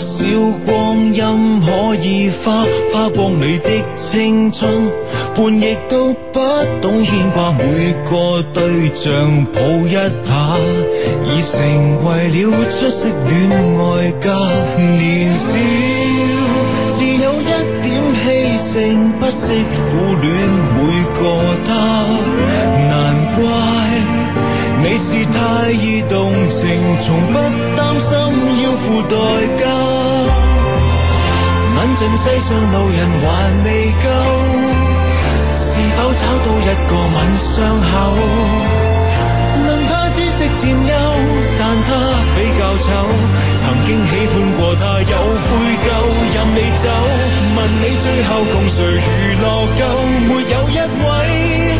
少光陰可以花，花光美的青春，叛逆亦都不懂牽掛，每個對象抱一下，已成為了出色戀愛家。年少是有一點氣盛，不惜苦戀每個他。你是太易動情，從不擔心要付代價。吻盡世上路人還未夠，是否找到一個吻傷口？論他知識佔優，但他比較醜。曾經喜歡過他有悔疚，任你走。問你最後共誰娛樂夠？沒有一位。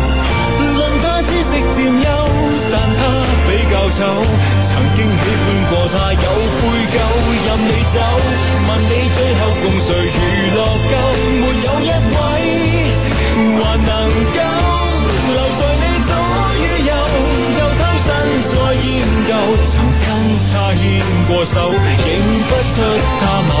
即占優，但他比較醜，曾經喜歡過他，有愧疚。任你走，問你最後共誰娛樂夠，沒有一位還能夠留在你左與右，又貪新再厭舊，曾跟他牽過手，認不出他。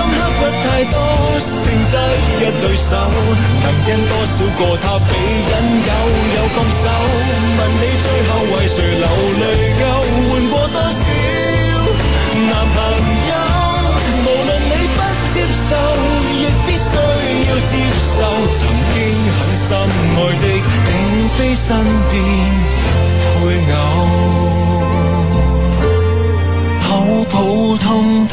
深刻不太多，剩得一對手。能跟多少個他比引誘有放手？問你最後為誰流淚，夠，換過多少男朋友？無論你不接受，亦必須要接受，曾經很深愛的並非 身邊配偶，普普通通。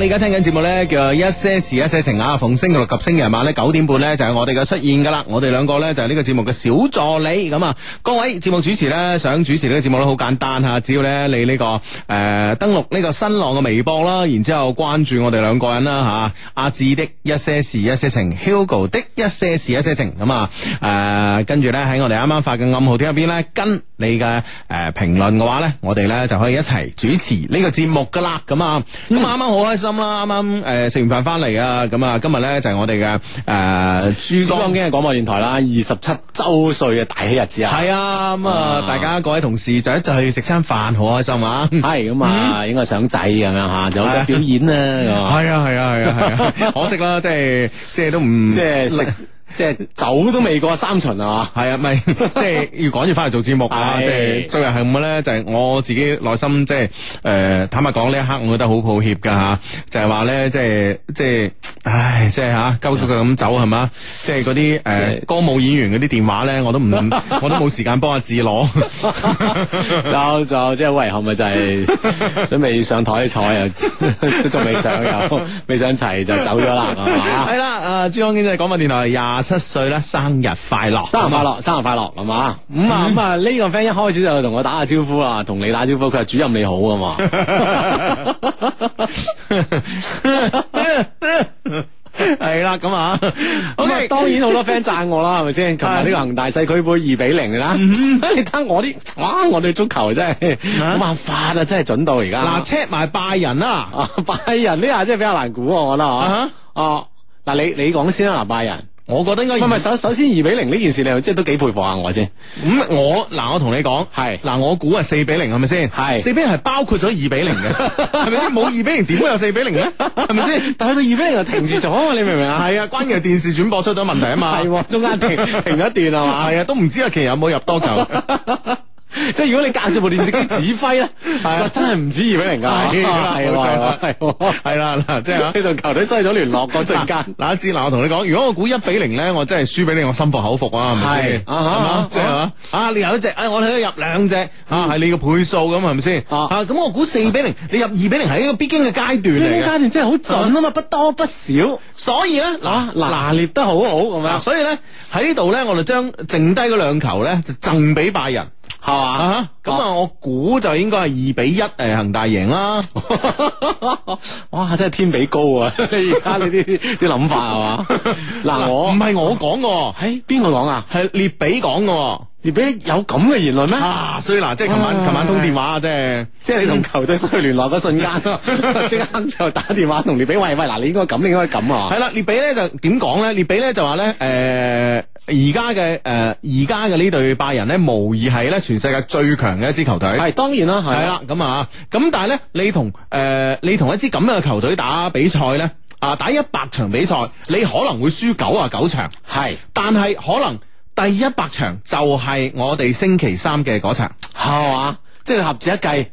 你而家聽緊節目呢，叫一些事一些情啊！逢星期六及星期日晚呢，九點半呢，就係、是、我哋嘅出現噶啦。我哋兩個呢，就係、是、呢個節目嘅小助理。咁啊，各位節目主持呢，想主持呢個節目呢，好簡單吓，只要咧你呢、這個誒、呃、登錄呢個新浪嘅微博啦，然之後關注我哋兩個人啦吓。阿、啊、志的一些事一些情，Hugo 的一些事一些情。咁啊誒，跟、呃、住呢，喺我哋啱啱發嘅暗號貼入邊呢，跟。你嘅誒、呃、評論嘅話咧，我哋咧就可以一齊主持呢個節目噶啦，咁啊咁啱啱好開心啦、啊！啱啱誒食完飯翻嚟啊，咁啊今日咧就係、是、我哋嘅誒珠江，珠江經濟廣播電台啦，二十七週歲嘅大喜日子啊！係啊，咁啊大家各位同事就一齊去食餐飯，好開心啊。係咁啊，嗯、應該想仔咁樣嚇，有啲表演啊。係啊係啊係啊！可惜啦，即係即係都唔即係食。 即係走都未過三巡啊，係啊，咪即係要趕住翻嚟做節目啊！即係作為係咁嘅咧，就係我自己內心即係誒，坦白講呢一刻我覺得好抱歉噶吓，就係話咧即係即係，唉，即係吓，急佢咁走係嘛，即係嗰啲誒歌舞演員嗰啲電話咧，我都唔，我都冇時間幫阿志攞，就就即係喂，係咪就係準備上台嘅菜又都仲未上，又未上齊就走咗啦，係嘛？係啦，誒，珠江經濟廣播電台廿。廿七歲啦，生日快樂！生日快樂，生日快樂，係嘛？咁啊咁啊，呢、這個 friend 一開始就同我打下招呼啦，同你打招呼，佢話主任你好啊嘛，係啦、嗯，咁啊、嗯，咁啊，當然好多 friend 讚我啦，係咪先？琴日呢個恒大世區杯二比零啦、嗯，你睇我啲，哇！我哋足球真係冇辦法啊，真係準到而家。嗱，check 埋拜仁啦，拜仁呢下真係比較難估，我覺得啊，哦，嗱、嗯呃，你你講先啦，拜仁。我覺得應該唔係，首首先二比零呢件事，你又即係都幾佩服下我，我先。咁我嗱，我同你講，係嗱，我估啊四比零係咪先？係四是比零係包括咗二比零嘅，係咪先？冇二比零點會有四比零咧？係咪先？但係到二比零又停住咗嘛？你明唔明啊？係啊，關鍵係電視轉播出咗問題啊嘛。係、 啊，中間停停咗一段係、啊、嘛？係啊，都唔知阿奇有冇入多球。 即係如果你隔住部電視機指揮咧，就真係唔止二比零噶。係啊，係啊，係，係啦，嗱，即係呢度球隊失去咗聯絡個陣間，嗱，阿志，嗱，我同你講，如果我估一比零咧，我真係輸俾你，我心服口服啊，係，係嘛？即係啊，你有一隻，誒，我哋都入兩隻，啊，係你個倍數咁，係咪先？咁我估四比零，你入二比零係一個必經嘅階段呢嘅，階段真係好準啊嘛，不多不少，所以咧，嗱，嗱，拿捏得好好，係咪？所以咧，喺呢度咧，我就將剩低嗰兩球咧，就贈俾拜仁。係嘛？咁啊，我估就應該係二比一，誒，恆大贏啦！哇，真係天比高啊！而家呢啲啲諗法係嘛？嗱 喇，我唔係我講嘅，係邊個講啊？係列比講嘅。列比有咁嘅言論咩？啊！所以嗱，即係琴晚，琴、哎、晚通電話啊，哎、的即係，即係你同球隊去聯絡嘅瞬間，即刻就打電話同列比喂喂，嗱，你應該咁，你應該咁啊。係啦，列比咧就點講咧？列比咧就話咧，誒、呃，而家嘅誒，而家嘅呢隊拜仁咧，無疑係咧全世界最強嘅一支球隊。係當然啦，係啦，咁啊，咁但係咧，你同誒、呃，你同一支咁樣嘅球隊打比賽咧，啊，打一百場比賽，你可能會輸九啊九場，係的，的但係可能。第一百場就係我哋星期三嘅嗰場，係嘛？即係合字一計，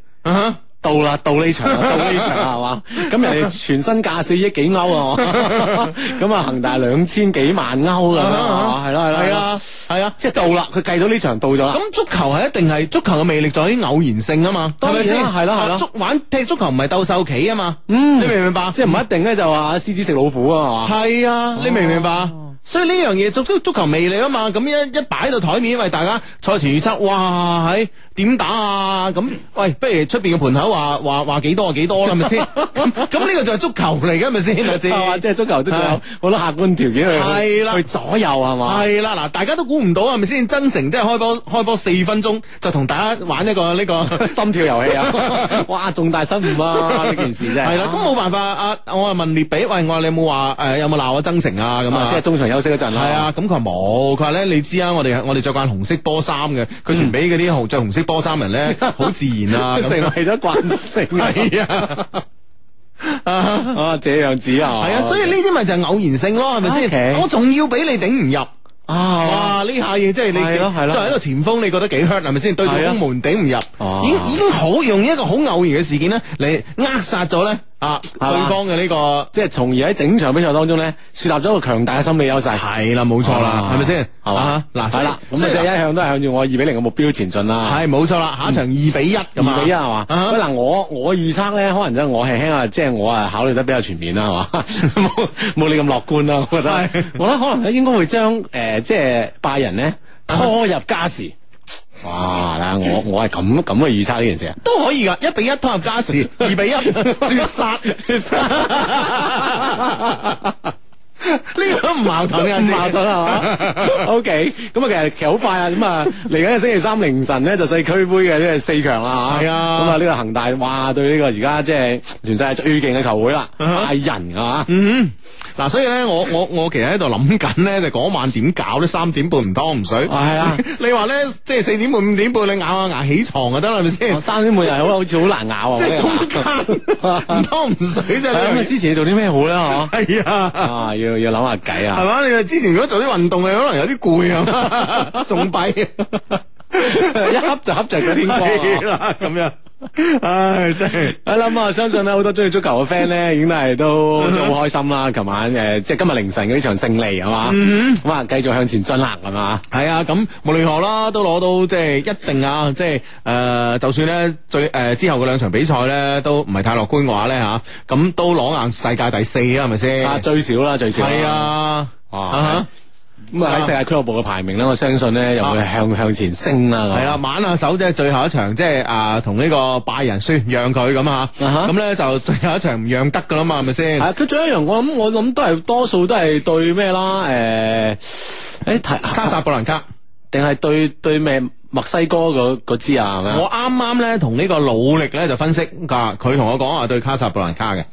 到啦，到呢場，到呢場，係嘛？咁人哋全身價四億幾歐啊，咁啊恒大兩千幾萬歐咁啊，係咯係咯係啊係啊，即係到啦，佢計到呢場到咗。咁足球係一定係足球嘅魅力在於偶然性啊嘛，係咪先？係咯係咯。玩踢足球唔係鬥獸棋啊嘛，嗯，你明唔明白？即係唔一定咧，就話獅子食老虎啊嘛。係啊，你明唔明白？所以呢樣嘢就足足球魅力啊嘛，咁一一擺到台面，為大家賽前預測哇喺～點打啊？咁喂，不如出邊嘅盤口話話話幾多就幾多啦，係咪先？咁呢個就係足球嚟嘅，係咪先？即係即係足球，足球好多客觀條件去去左右係嘛？係啦，嗱，大家都估唔到係咪先？曾誠即係開波開波四分鐘就同大家玩一個呢個心跳遊戲啊！哇，重大失誤啊！呢件事啫，係啦，咁冇辦法啊！我啊問列比，喂，我話你有冇話誒有冇鬧我曾誠啊？咁啊，即係中場休息嗰陣啦。係啊，咁佢話冇，佢話咧你知啊，我哋我哋着慣紅色波衫嘅，佢傳俾嗰啲紅着紅色。多三人咧， 好自然啊，成為咗慣性。係啊，啊啊，這樣子啊，係啊，所以呢啲咪就係偶然性咯，係咪先？Okay. 我仲要俾你頂唔入 Okay. 啊！哇、啊，呢下嘢真係你，作為一個前鋒，你覺得幾 hurt 係咪先？對到攻門頂唔入，已、啊、已經好用一個好偶然嘅事件咧，嚟扼殺咗咧。啊，對方嘅呢個，即係從而喺整場比賽當中咧，樹立咗一個強大嘅心理優勢。係啦，冇錯啦，係咪先？係嘛，嗱，係啦，即係一向都係向住我二比零嘅目標前進啦。係，冇錯啦，下場二比一咁啊。二比一係嘛？嗱，我我預測咧，可能真係我係輕啊，即係我啊考慮得比較全面啦，係嘛，冇冇你咁樂觀啦。我覺得，我覺得可能咧應該會將誒，即係拜仁呢，拖入加時。哇！嗱，我我係咁咁嘅預測呢件事啊，都可以噶，一比一拖入加時，二是比一絕殺。 呢個都唔矛盾噶，唔矛盾係嘛？OK，咁啊，其實其實好快啊，咁啊，嚟緊星期三凌晨咧就四區盃嘅，呢個四強啦，係啊，咁啊，呢個恒大哇，對呢個而家即係全世界最勁嘅球會啦，係人啊。嗱，所以咧，我我我其實喺度諗緊咧，就嗰晚點搞咧，三點半唔湯唔水，係啊，你話咧，即係四點半五點半，你咬下牙起床就得啦，係咪先？三點半又好似好難咬，即唔湯唔水啫。咁啊，之前做啲咩好咧？嗬，係啊，要諗下計啊，係嘛？你話之前如果做啲運動，係可能有啲攰啊，仲弊。 一恰就恰着咗天光啦，啊，咁樣，唉，真係，我諗啊，相信咧好多中意足球嘅 friend 咧，已經係都好開心啦。琴晚誒，即係今日凌晨嗰啲場勝利係嘛，好啊，繼續向前進行係嘛，係 啊，咁無論如何啦，都攞到即係、就是、一定啊，即係誒，就算咧最誒、呃、之後嗰兩場比賽咧都唔係太樂觀嘅話咧吓，咁、啊、都攞硬世界第四啊，係咪先？ 啊，最少啦、啊，最少係啊， 啊。 咁啊喺世界俱樂部嘅排名咧，我相信咧又會向向前升啊！係啦，挽下手啫，最後一場即係啊，同呢個拜仁宣讓佢咁啊吓，咁咧就最後一場唔讓得噶啦嘛，係咪先？啊，佢最後一場我諗我諗都係多數都係對咩啦？誒，誒，卡薩布蘭卡定係對對咩墨西哥個個支啊？我啱啱咧同呢個努力咧就分析噶，佢同我講話對卡薩布蘭卡嘅。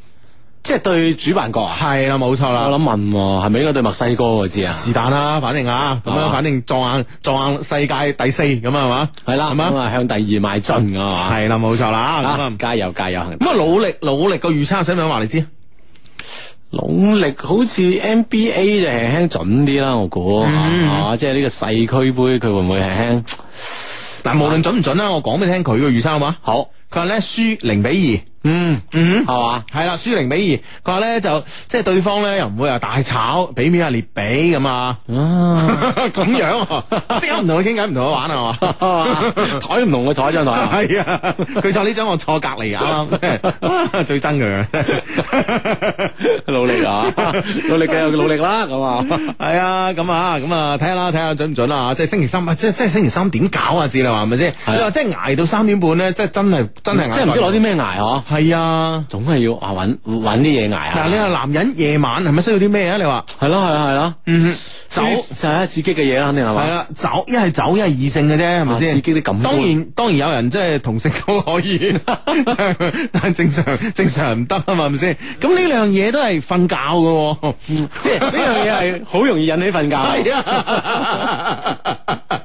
即係對主辦國啊，係啦，冇錯啦。我諗問，係咪應該對墨西哥我知啊？是但啦，反正啊，咁樣，反正撞硬撞硬世界第四咁啊嘛，係啦，咁啊向第二邁進啊嘛，係啦，冇錯啦，加油加油行。咁啊，努力努力個預測使唔使話你知？努力好似 NBA 就係輕準啲啦，我估啊，即係呢個世區杯佢會唔會係輕？嗱，無論準唔準啦，我講俾你聽佢個預測好嘛。好，佢話咧輸零比二。嗯嗯，係、嗯、嘛，係啦，輸零比二，佢話咧就即係、就是、對方咧又唔會話大炒，俾面啊列比咁啊，咁樣即刻唔同佢傾偈，唔同佢玩啊嘛，坐唔同佢坐喺張台，係啊，佢就、啊、呢張，我坐隔籬啊，最憎佢， 努力啊，努力繼續努力啦，咁實 啊，係啊，咁啊，咁啊，睇下啦，睇下準唔準啊，即係星期三，即係即係星期三點搞啊？知你話係咪先？你話 Sí 即係挨到三點半咧，即係真係真係，即係唔知攞啲咩挨嗬？ 係啊，總係要啊揾揾啲嘢挨啊。嗱、啊啊，你話男人夜晚係咪需要啲咩啊？你話係咯，係咯、啊，係咯。嗯，就係一刺激嘅嘢啦，肯定係咪？係啦，走一係走一係異性嘅啫，係咪先？刺激啲感覺。當然當然有人即係同性都可以， 但係正常正常唔得啊嘛，係咪先？咁呢樣嘢都係瞓覺嘅， 即係呢樣嘢係好容易引起瞓覺。是啊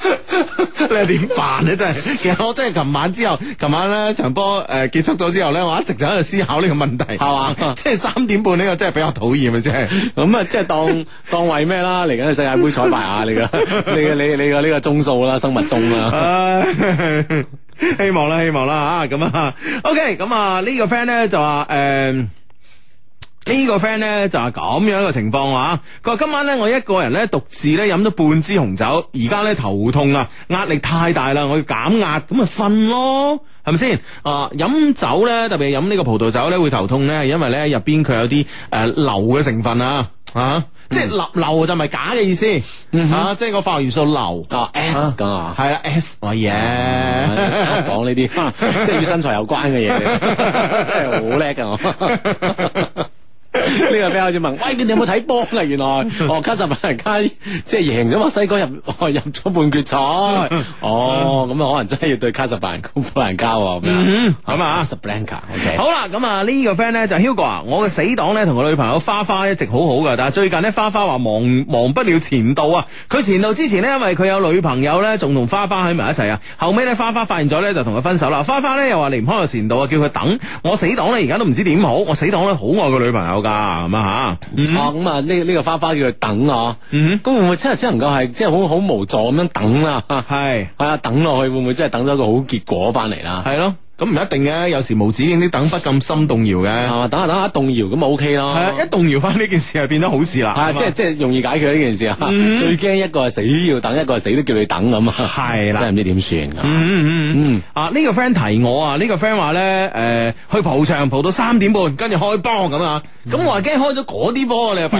你點辦咧真係？ 其實我真係琴晚之後，琴晚咧場波誒、呃、結束咗之後咧，我一直就喺度思考呢個問題，係嘛？ 即係三點半呢個真係比較討厭嘅啫。咁啊，即 係當 當為咩啦？嚟緊世界杯彩排啊！嚟緊， 你嘅，嚟嘅呢個鐘數啦，生物鐘啦、啊。 希望啦，希望啦啊！咁、okay，啊，OK，咁啊呢個 friend 咧就話誒。嗯個呢個 friend 咧就係、是、咁樣一個情況啊！佢話今晚咧我一個人咧獨自咧飲咗半支紅酒，而家咧頭痛啊，壓力太大啦，我要減壓，咁咪瞓咯，係咪先？啊、呃，飲酒咧，特別係飲呢個葡萄酒咧會頭痛咧，因為咧入邊佢有啲誒硫嘅成分啊，吓、啊，即係流，流就唔係假嘅意思，吓、嗯哼啊，即係個化學元素流啊 S 咁啊，係啦 S 乜嘢、啊？講呢啲即係與身材有關嘅嘢，真係好叻噶我。 呢個比較要問，喂，你有冇睇波啊？原來哦，卡十八人雞即係贏咗嘛，西哥入入咗半決賽。哦，咁啊，哦、可能真係要對卡十八人高老人家咁、哦嗯嗯、啊。卡薩布蘭卡，好啦，咁啊，呢個 friend 咧就 Hugo 啊，我嘅死黨咧同個女朋友花花一直好好噶，但係最近咧花花話忘忘不了前度啊。佢前度之前呢，因為佢有女朋友咧，仲同花花喺埋一齊啊。後尾咧，花花發現咗咧，就同佢分手啦。花花咧又話離唔開個前度啊，叫佢等。我死黨咧而家都唔知點好，我死黨咧好愛個女朋友噶。啊咁、嗯、啊吓，哦、嗯、咁啊呢呢、個花花叫佢等啊，嗯，咁會唔會真係只能夠係即係好好無助咁樣等啊？係係是啊，等落去會唔會真係等到一個好結果翻嚟啦？係咯。咁唔一定嘅，有時無止境啲等不禁心動搖嘅，係嘛、啊？等下等下動搖咁咪 OK 咯。係啊，一動搖翻呢件事就變得好事啦、啊，即係即係容易解決呢件事啊！嗯、最驚一個係死要等，一個係死都叫你等咁啊！係啦，真係唔知點算啊！呢、呢個 friend 提我啊，呢、呢個 friend 話咧誒，去蒲場蒲到三點半，跟住開波咁啊！咁、嗯嗯、我話驚開咗嗰啲波，你又弊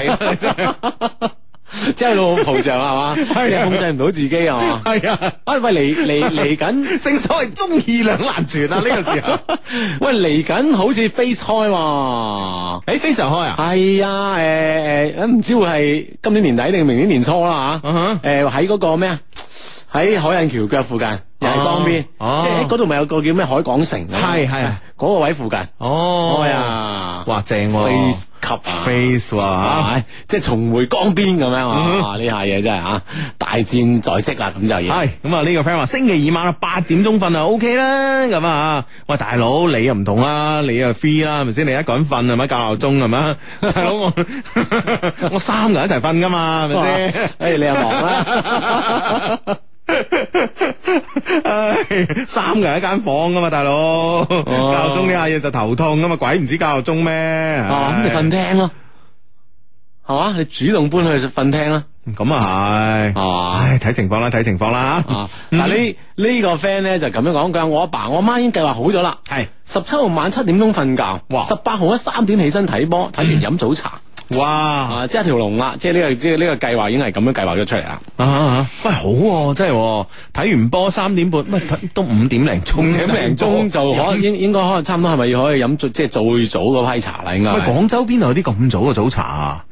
即係老蒲相係嘛， 是啊、你控制唔到自己係嘛？係 是啊，喂，嚟嚟嚟緊，正所謂中意兩難全啊！呢、這個時候，喂， 嚟緊好似飛開，誒、欸，非常開 啊！係、呃、啊，誒誒，唔知會係今年年底定明年年初啦吓。誒，喺嗰個咩啊？喺、uh huh. 呃、海印橋腳附近。又喺江邊，即係喺嗰度咪有個叫咩海港城？係係嗰個位附近。哦，係啊，哇正啊，face cup face 即係重回江邊咁樣啊！呢下嘢真係啊，大戰在即啦，咁就係。係咁啊！呢個 friend 話星期二晚八點鐘瞓啊，OK 啦，咁啊喂，大佬你又唔同啦，你又 free 啦，係咪先？你一個人瞓係咪？校鬧鐘係咪？大佬我我三個人一齊瞓噶嘛，係咪先？誒，你又忙啦。唉， 三個人一間房噶嘛，大佬。啊、教鐘呢下嘢就頭痛噶嘛，鬼唔知教鐘咩？咁、哎啊、你瞓廳咯，係嘛？你主動搬去瞓廳啦。咁啊係，唉、哎，睇情況啦，睇情況啦。嗱、啊，嗯啊這個、呢呢個 friend 咧就咁樣講，佢話我阿爸，爸我阿媽已經計劃好咗啦，係十七號晚七點鐘瞓覺，十八號一三點起身睇波，睇完飲早茶。嗯哇！條龍即係一條龍啦，即係呢個，即係呢個計劃已經係咁樣計劃咗出嚟、 哎、啊！啊，喂，好，真係睇完波三點半，咪都五點零鐘，五點零鐘就可能應應該可能差唔多，係咪可以飲即係最早個批茶啦？應該喂，廣州邊度有啲咁早嘅早茶啊？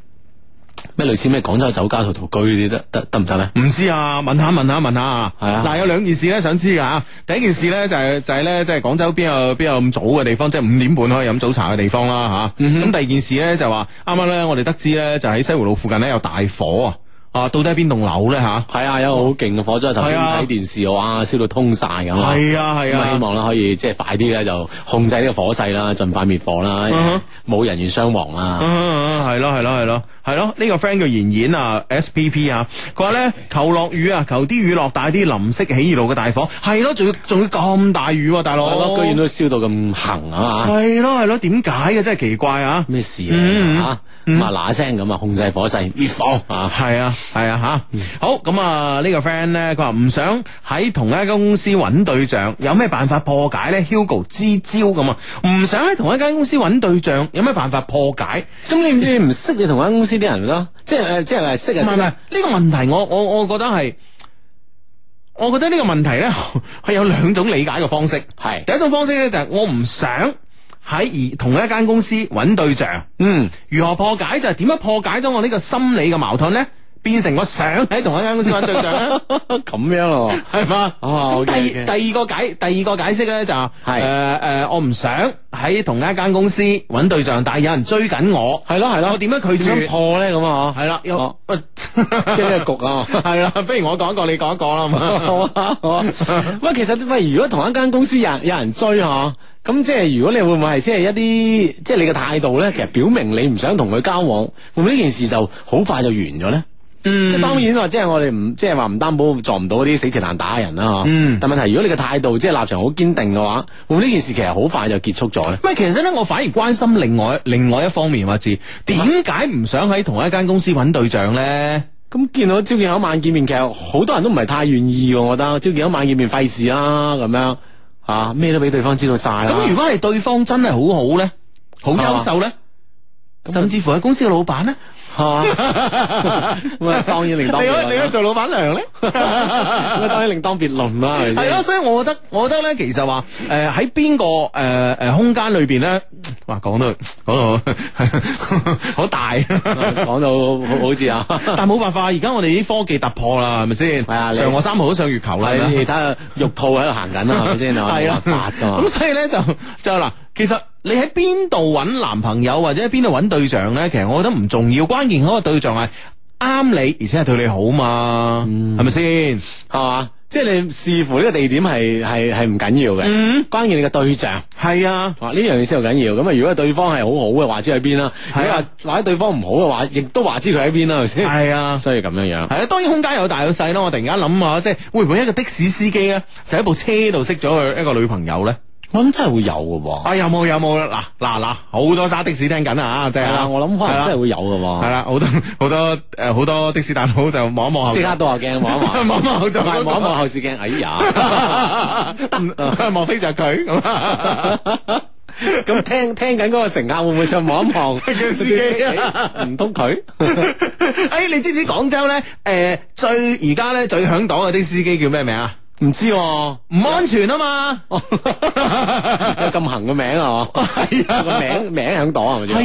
咩類似咩廣州酒家陶陶居嗰啲，得得得，唔得咧？唔知啊，問下問下問下啊。係啊。嗱，有兩件事咧想知㗎，吓，第一件事咧就係就係咧即係廣州邊有邊有咁早嘅地方，即係五點半可以飲早茶嘅地方啦吓。咁第二件事咧就話啱啱咧我哋得知咧就喺西湖路附近咧有大火啊！啊，到底係邊棟樓咧吓？係啊，有好勁嘅火災頭先睇電視，哇，燒到通晒咁。係啊係啊。希望咧可以即係快啲咧就控制呢個火勢啦，盡快滅火啦，冇人員傷亡啦。嗯嗯，係咯係咯係咯。係咯，呢、這個 friend 叫妍妍啊，SPP 啊，佢話咧求落雨啊，求啲雨落大啲，淋熄起義路嘅大火，係咯，仲、哦、要仲要咁大雨，啊，大佬係咯，居然都燒到咁痕啊嘛！係咯係咯，點解嘅真係奇怪啊！咩事，嗯嗯、啊？啊嗱聲咁啊，控制火勢滅火啊！係啊係啊吓，好咁啊，這個、呢個 friend 咧，佢話唔想喺同一間公司揾對象，有咩辦法破解咧？Hugo 支招咁啊，唔想喺同一間公司揾對象，有咩辦法破解？咁 你你唔識你同一間公司？啲人咯，即係誒，呃、 即係誒，識啊識啊！呢、這個問題我，我我我覺得係，我覺得呢個問題咧係有兩種理解嘅方式。係是第一種方式咧就係我唔想喺而同一間公司揾對象。嗯，如何破解就係點樣破解咗我呢個心理嘅矛盾咧？變成我想喺同一間公司揾對象，咁 樣咯，係嘛？第第二個解，第二個解釋咧就係誒誒，我唔想喺同一間公司揾對象，但係有人追緊我，係咯係咯，我點解拒絕破咧咁 啊？係啦，即係呢個局啊，係啦，不如我講一個，你講一個啦，係嘛？好啊好啊，喂，其實喂，如果同一間公司有有人追嗬，咁即係如果你會唔會係即係一啲，即係你嘅態度咧，其實表明你唔想同佢交往，會唔會呢件事就好快就完咗咧？嗯，即係當然話，即係我哋唔，即係話唔擔保撞唔到啲死纏爛打嘅人啦、啊、吓。嗯，但問題如果你嘅態度即係立場好堅定嘅話，會唔會呢件事其實好快就結束咗咧？唔，其實咧，我反而關心另外另外一方面或者，話字點解唔想喺同一間公司揾對象咧？咁見到朝見口晚見面，其實好多人都唔係太願意，我覺得朝見口晚見面費事啦，咁、啊、樣吓咩、啊、都俾對方知道晒啦。咁如果係對方真係好好咧，好優秀咧？甚至乎喺公司嘅老闆咧，咁啊當然另你可你可做老闆娘咧，當然另當別論啦。係咯，所以我覺得我覺得咧，其實話誒喺邊個誒誒空間裏邊咧，哇講到講到好大，講到好好似啊，但係冇辦法，而家我哋啲科技突破啦，係咪先？係啊，嫦娥三號都上月球啦，其他玉兔喺度行緊啦，係咪先啊？係啊，咁所以咧就就嗱。其實你喺邊度揾男朋友或者喺邊度揾對象呢？其實我覺得唔重要，關鍵嗰個對象係啱你，而且係對你好嘛，係咪先？係嘛吧？即係你視乎呢個地點係係唔緊要嘅，嗯、關鍵你嘅對象係是啊。呢樣嘢先好緊要。咁啊，如果對方係好好嘅，話知喺邊啦；你話或者對方唔好嘅話，亦都話知佢喺邊啦，係咪先？係啊， 所以咁樣樣係啊。當然空間有大有細咯。我突然間諗下，即係會唔會一個的士司機咧，就喺部車度識咗佢一個女朋友咧？我諗真係會有嘅，哎，有冇有冇啦？嗱嗱嗱，好多揸的士聽緊啊，即係、啊、我諗可能，真係會有嘅，係啦、啊，好多好多誒，好、呃、多的士大佬就望一望，即刻倒下鏡望一望，望 一望再望一望後視鏡，哎呀，莫非就係佢咁啊？咁聽聽緊嗰個乘客會唔會就望一望？司機唔通佢？哎，你知唔知廣州咧？誒、呃，最而家咧最響檔嘅的士司機叫咩名啊？唔知，唔安全啊嘛！咁行個名啊，係啊個名名響度係咪，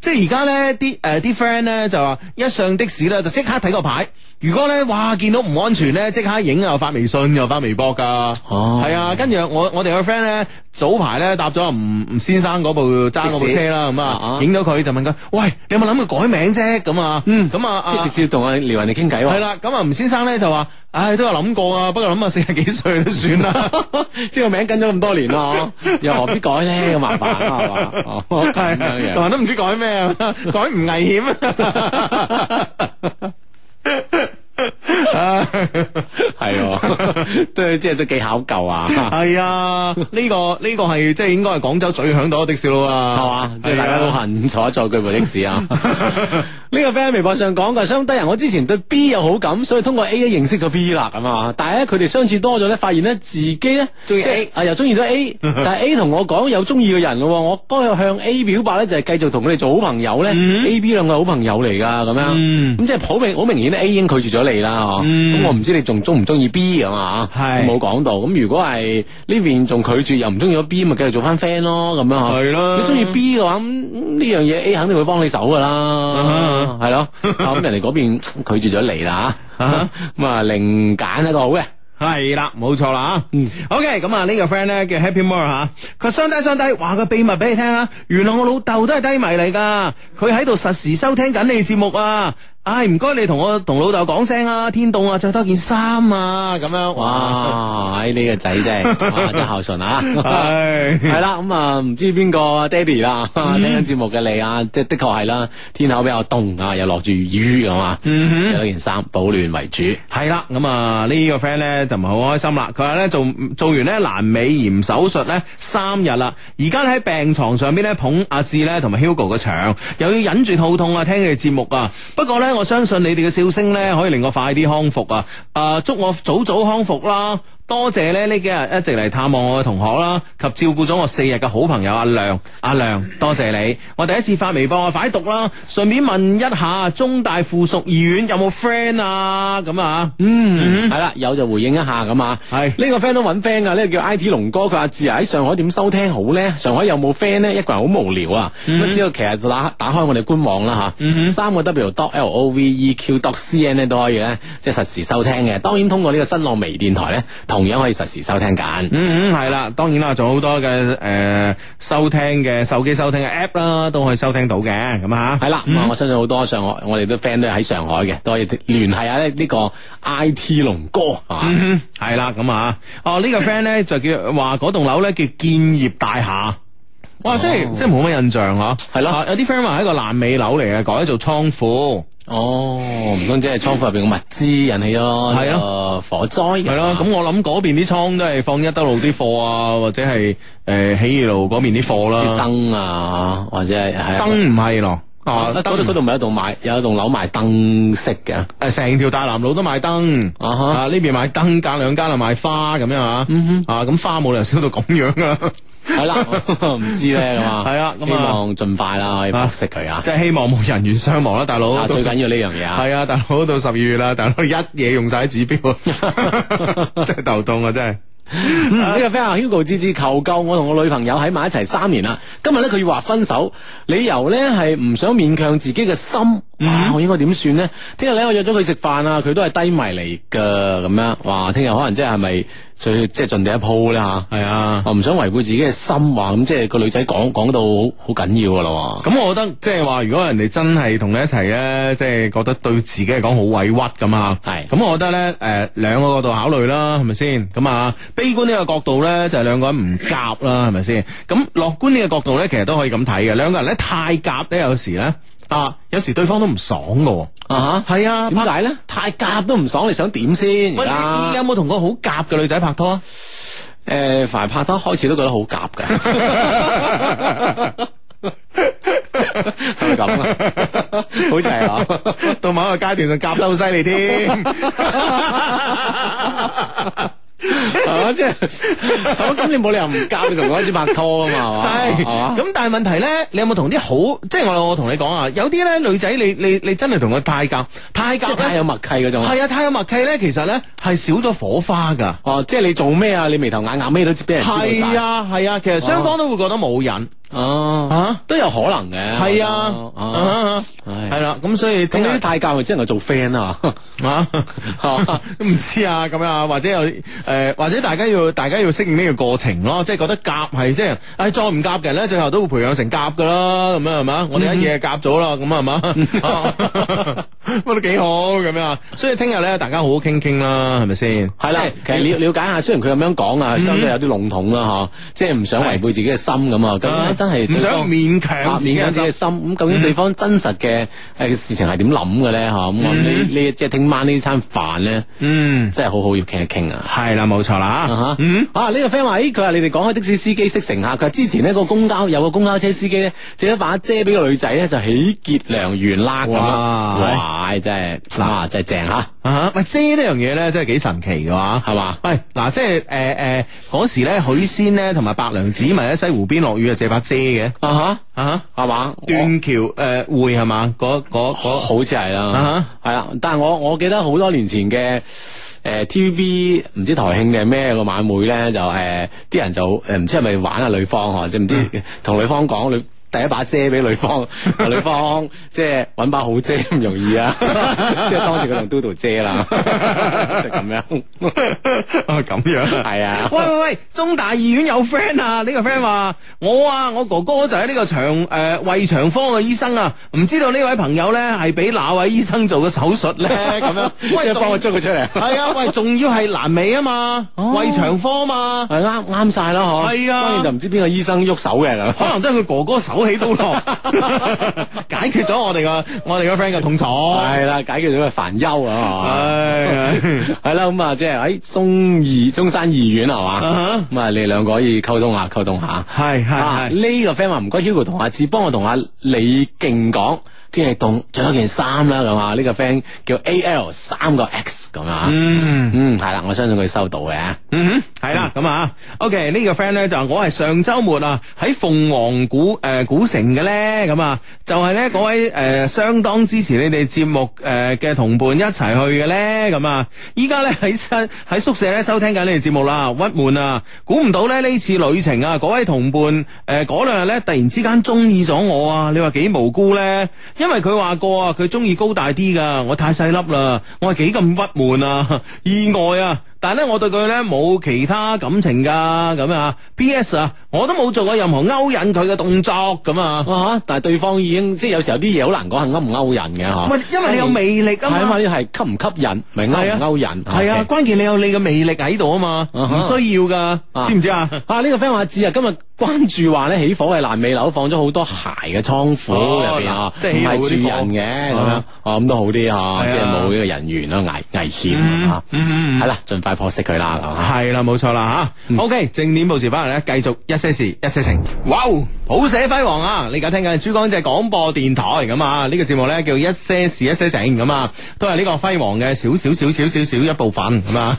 即係而家咧啲誒啲 friend 咧就話一上的士咧就即刻睇個牌，如果咧哇見到唔安全咧即刻影又發微信又發微博噶，係啊，跟住我我哋個 friend 咧早排咧搭咗吳吳先生嗰部揸嗰部車啦咁啊，影到佢就問佢：喂，你有冇諗佢改名啫？咁啊，嗯，咁啊，即係直接同阿聊人哋傾偈喎。係啦，咁啊吳先生咧就話。唉、啊，都有諗過啊，不過諗下四十幾歲都算啦，即 個名跟咗咁多年啦，又何必改咧？咁麻煩係嘛？ 吧 哦，係，但係都唔知改咩，啊，改唔危險啊？ 啊，係，都即係都幾考究啊！係啊，呢個呢個係即係應該係廣州最響到的士啦，係嘛，即係大家都恨坐一坐佢部的士啊！呢個 friend 喺微博上講嘅，相得人，我之前對 B 有好感，所以通過 A 都認識咗 B 啦，咁啊，但係咧佢哋相處多咗咧，發現咧自己咧中意即係 A 啊，又中意咗 A，但係 A 同我講有中意嘅人咯，我該向 A 表白咧，就係繼續同佢哋做好朋友咧，A、B 兩個好朋友嚟噶，咁樣，咁即係好明好明顯咧，A 已經拒絕咗你啦。咁、嗯、我唔知你仲中唔中意 B 咁啊，冇講是到。咁如果係呢邊仲拒絕又唔中意咗 B，咪繼續做翻 friend 咯，咁樣嗬。係啦的，你中意 B 嘅話，呢樣嘢 A 肯定會幫你手噶啦，係咯。咁人哋嗰邊拒絕咗你啦，吓咁啊哈，另揀一個好嘅。係啦，冇錯啦。嗯，OK，咁啊呢個 friend 咧叫 Happy More 吓，佢雙低雙低，話個秘密俾你聽啦。原來我老豆都係低迷嚟噶，佢喺度實時收聽緊你節目啊。唉，唔該、哎，你同我同老豆講聲啊，天凍啊，着多件衫啊，咁樣。哇，呢個仔真係真孝順啊！係， 啦、嗯，咁啊，唔知邊個爹哋啦，聽緊節目嘅你啊，即係的確係啦，天口比較凍啊，又落住雨啊嘛，着 多一件衫保暖為主。係啦，咁、嗯、啊，呢、嗯嗯這個 friend 咧就唔係好開心啦，佢話咧做做完咧闌尾炎手術咧三日啦，而家咧喺病床上邊咧捧阿志咧同埋 Hugo 嘅場又要忍住肚痛啊，聽佢哋節目啊，不過咧。我相信你哋嘅笑聲咧，可以令我快啲康復啊！啊、呃，祝我早早康復啦！多謝咧，呢幾日一直嚟探望我嘅同學啦，及照顧咗我四日嘅好朋友阿亮，阿亮多謝你。我第一次發微博啊，快讀啦，順便問一下中大附屬二院有冇 friend 啊？咁啊，mm hmm. 嗯，係啦，有就回應一下咁啊。係呢是個 friend 都揾 friend 啊，呢個叫 IT 龍哥，佢阿志啊喺上海點收聽好呢？上海有冇 friend 呢？一個人好無聊啊，咁之後其實打打開我哋官網啦吓，三、mm hmm. 個 w dot l o v e q dot c n 咧都可以咧，即係實時收聽嘅。當然通過呢個新浪微電台咧。同樣可以實時收聽緊，嗯嗯，係啦，當然啦，仲有好多嘅誒、呃、收聽嘅手機收聽嘅 app 啦，都可以收聽到嘅，咁吓係啦，了嗯、我相信好多上海我我哋啲 friend 都係喺上海嘅，都可以聯繫下咧呢個 IT 龍哥係嘛，係啦咁啊，哦、這、呢個 friend 咧就叫話嗰棟樓咧叫建業大廈。哇！即係即係冇乜印象嗬，係咯。有啲 friend 話係一個爛尾樓嚟嘅，改咗做倉庫。哦，唔通即係倉庫入邊嘅物資引起咗火災？係咯。咁我諗嗰邊啲倉都係放一德路啲貨啊，或者係誒起義路嗰邊啲貨啦。啲燈啊，或者係燈唔係咯？啊，嗰度嗰度咪一有棟賣，有一棟樓賣燈飾嘅。誒，成條大南路都賣燈啊！呢邊賣燈，隔兩間就賣花咁樣啊！啊，咁花冇理由燒到咁樣啊！係啦，唔知咧，咁啊，係啊，咁希望盡快啦，食佢啊，即係希望冇人員傷亡啦，大佬。最緊要呢樣嘢啊，係啊，大佬到十二月啦，大佬一嘢用晒指標，真係頭痛啊，真係。呢個 friend Hugo 之之求救，我同我女朋友喺埋一齊三年啦，今日咧，佢要話分手，理由咧係唔想勉強自己嘅心。哇！我應該點算呢？聽日咧我約咗佢食飯啊，佢都係低迷嚟噶咁樣。哇！聽日可能即係咪最即係盡地一鋪咧吓？係啊，我唔想違背自己嘅心哇！咁即係個女仔講講到好緊要噶啦。咁我覺得即係話，如果人哋真係同你一齊咧，即係覺得對自己嚟講好委屈噶啊。係。咁我覺得咧，呃，兩個角度考慮啦，係咪先？咁啊，悲觀呢個角度咧就係兩個人唔夾啦，係咪先？咁樂觀呢個角度咧，其實都可以咁睇嘅。兩個人咧太夾咧，有時咧。啊，有時對方都唔爽噶，啊哈，係啊，點解咧？拍太夾都唔爽，你想點先？喂，你有冇同個好夾嘅女仔拍拖？誒、呃，凡係拍拖開始都覺得夾好夾噶，係咪咁啊，好似係啊，到某一個階段就夾得好犀利添。 係、 啊哦、嘛，即係咁你冇理由唔教，你同我一啲拍拖啊嘛，係嘛，咁但係問題咧，你有冇同啲好，即係我我同你講啊，有啲咧女仔，你你你真係同佢太教，太教太有默契嗰種，係啊，太有默契咧，其實咧係少咗火花噶，哦、啊，即係你做咩啊，你眉頭眼眼咩都俾人，係啊係啊，其實雙方都會覺得冇癮。哦，吓都有可能嘅，係啊，係啦，咁所以咁啲太監咪即係做 friend 啊，吓唔知啊咁樣，或者有誒，或者大家要大家要適應呢個過程咯，即係覺得夾係即係，誒再唔夾嘅咧，最後都會培養成夾噶啦，咁樣係咪？我哋一嘢夾咗啦，咁係嘛，乜都幾好咁樣，所以聽日咧大家好好傾傾啦，係咪先？係啦，其實了了解下，雖然佢咁樣講啊，相對有啲籠統啦，吓，即係唔想違背自己嘅心咁啊。真係想勉強，勉強自己嘅心咁，究竟對方真實嘅誒事情係點諗嘅咧？嚇咁，你你即係聽晚呢餐飯咧，嗯，真係好好要傾一傾啊！係啦，冇錯啦嚇，嗯，啊呢個 friend 話，咦，佢話你哋講開的士司機識乘客，佢話之前呢個公交有個公交車司機咧借咗把遮俾個女仔咧，就喜結良緣啦咁啊！哇！真係嗱，真係正嚇啊！遮呢樣嘢咧，真係幾神奇嘅話係嘛？喂，嗱，即係誒誒嗰時咧，許仙咧同埋白娘子咪喺西湖邊落雨啊，借把遮嘅啊吓，啊吓哈，係嘛、啊哈？斷橋誒會係嘛？嗰嗰 好似係啦，係啦、啊哈。但係我我記得好多年前嘅誒、呃、TVB 唔知台慶定係咩個晚會咧就誒啲、呃、人就誒唔知係咪玩下呂方啊，即唔知同呂方講呂。第一把遮俾女方，女方即係搵把好遮咁容易啊！即係幫住佢同 Dodo 遮啦，就咁樣。咁樣係啊！喂喂喂，中大二院有 friend 啊？呢個 friend 話我啊，我哥哥就喺呢個長誒胃腸科嘅醫生啊。唔知道呢位朋友咧係俾哪位醫生做嘅手術咧？咁樣，喂，幫佢捉佢出嚟。係啊，喂，仲要係闌尾啊嘛，胃腸科啊嘛，係啱啱晒啦嗬。係啊，當然就唔知邊個醫生喐手嘅，可能都係佢哥哥手。起到落，解決咗我哋個我哋個 friend 嘅痛楚，係啦、哎呀，解決咗個煩憂啊，係 嘛，係、嗯、啦，咁啊，即係喺中二中山二院係嘛，咁啊，uh huh. 你哋兩個可以溝通下，溝通下，係係係，呢、這個 friend 話唔該，Hugo 同阿志幫我同阿李勁講。天氣凍，着多件衫啦，咁啊！呢個 friend 叫 A L 三個 X，咁啊，嗯嗯，係啦、嗯，我相信佢收到嘅。嗯哼，係啦，咁啊，OK，呢個 friend 咧就我係上周末啊喺鳳凰古誒、呃、古城嘅咧，咁啊就係咧嗰位誒、呃、相當支持你哋節目誒嘅同伴一齊去嘅咧，咁啊，依家咧喺室喺宿舍咧收聽緊你哋節目啦，鬱悶啊！估唔到咧呢次旅程啊，嗰位同伴誒嗰兩日咧突然之間中意咗我啊！你話幾無辜咧？因為佢話過啊，佢中意高大啲噶，我太細粒啦，我係幾咁鬱悶啊，意外啊！但係咧，我對佢咧冇其他感情噶，咁啊。P.S. 啊，我都冇做過任何勾引佢嘅動作，咁啊，但係對方已經即係有時候啲嘢好難講，勾唔勾人嘅吓。啊、因為你有魅力啊嘛，係啊嘛，係吸唔吸引，咪勾唔勾人。係啊，Okay. 啊，關鍵你有你嘅魅力喺度啊嘛，唔、uh huh. 需要噶，uh huh. 知唔知啊？啊，呢個 friend 話志啊，今日。關注話咧起火係爛尾樓放咗好多鞋嘅倉庫入邊啊，唔係住人嘅咁樣，哦咁都好啲吓，即係冇呢個人員咯危危險啊，係啦，盡快破息佢啦，係啦，冇錯啦吓。OK，正點報時翻嚟咧，繼續一些事一些情。哇，好寫輝煌啊！你而家聽緊珠江就係廣播電台咁啊，呢個節目咧叫一些事一些情咁啊，都係呢個輝煌嘅少少少少少少一部分咁啊，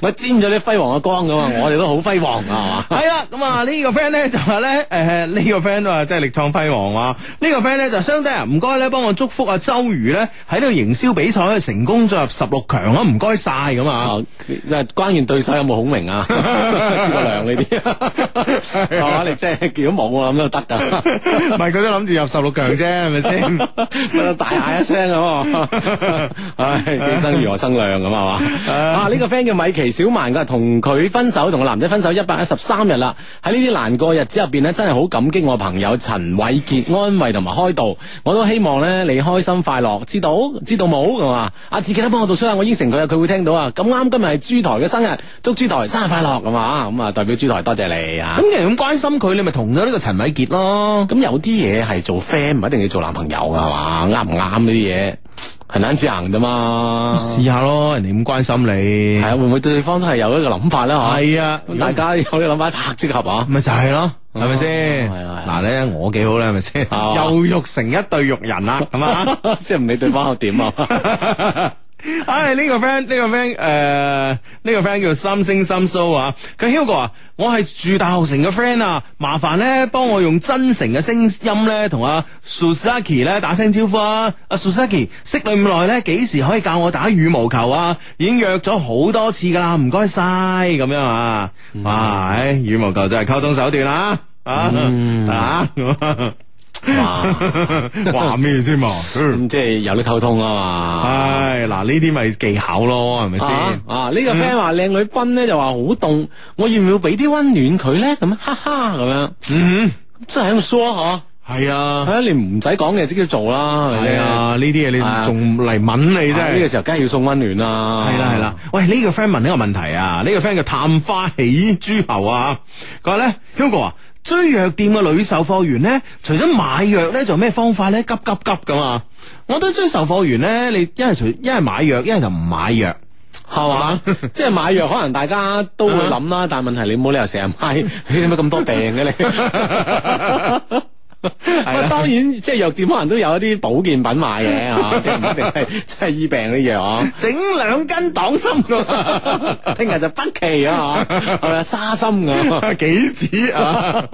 我沾咗啲輝煌嘅光咁啊，我哋都好輝煌啊嘛，係啊，咁啊。個呢、呃這個 friend 咧就話咧，誒呢個 friend 啊，真係力創輝煌，啊、這個。呢個 friend 咧就相當唔該咧，幫我祝福阿、啊、周瑜咧喺度營銷比賽成功進入十六強啊，唔該晒咁啊！關鍵對手有冇孔明啊、諸葛亮呢啲？係 嘛、 啊，你真係如果冇，我諗都得噶、啊，唔係佢都諗住入十六強啫，係咪先？ 大嗌一聲咁啊！唉、哎，既生瑜何生亮咁係嘛？ 啊呢、這個 friend 叫米奇小曼噶，同佢分手，同個男仔分手一百一十三日啦，喺呢。啲難過日子入邊咧，真係好感激我朋友陳偉杰安慰同埋開導，我都希望咧你開心快樂，知道知道冇係嘛？阿志記得幫我讀出啊，我應承佢啊，佢會聽到啊。咁啱今日係珠台嘅生日，祝珠台生日快樂咁嘛。咁、嗯、啊，代表珠台多謝，謝你啊！咁既然咁關心佢，你咪同咗呢個陳偉杰咯。咁有啲嘢係做 friend 唔一定要做男朋友噶係嘛？啱唔啱呢啲嘢？對憑膽自行咋嘛？試下咯，人哋咁關心你，係會唔會對方都係有一個諗法咧？吓係啊，大家有啲諗法拍即合啊，咪就係咯，係咪先？係嗱咧，我幾好咧，係咪先？又育成一對玉人啊，咁啊，即係唔理對方又點啊！.唉，呢個 friend 呢個 friend 誒，呢個 friend 叫三星三蘇啊！佢、這、Hugo、個這個呃這個 um um、啊，go, 我係住大學城嘅 friend 啊，麻煩咧，幫我用真誠嘅聲音咧，同阿 Suzuki 咧打聲招呼啊！阿 Suzuki 識你咁耐咧，幾時可以教我打羽毛球啊？已經約咗好多次噶啦，唔該晒咁樣啊！唉、mm hmm. 啊，羽毛球真係溝通手段啊！Mm hmm. 啊啊 話咩啫嘛？咁即係有啲溝通啊嘛。唉，嗱呢啲咪技巧咯，係咪先？啊、這個嗯、呢個 friend 話靚女賓咧，就話好凍，我要唔要俾啲溫暖佢咧？咁，哈哈咁樣。嗯，即係喺度梳吓？嗬。係啊。吓，你唔使講嘅，直接做啦。係啊，呢啲嘢你仲嚟問你真係？呢個時候梗係要送溫暖啦、啊。係啦係啦。喂，呢、這個 friend 問呢個問題啊？呢、這個 friend 叫、啊這個、探花起諸侯啊。佢話咧，Hugo 啊。追藥店嘅女售貨員呢，除咗買藥呢，仲有咩方法呢？急急急咁啊！我覺得追售貨員呢，你一係除一係買藥，一係就唔買藥，係嘛 吧？即係買藥，可能大家都會諗啦， 但係問題你冇理由成日買，你點解咁多病嘅、啊、你？ 我 當然即係藥店可能都有一啲保健品買嘅、啊，即係唔一定係即係醫病啲藥、啊，整兩斤黨參，聽、啊、日就北芪啊，係咪沙參啊、杞子啊，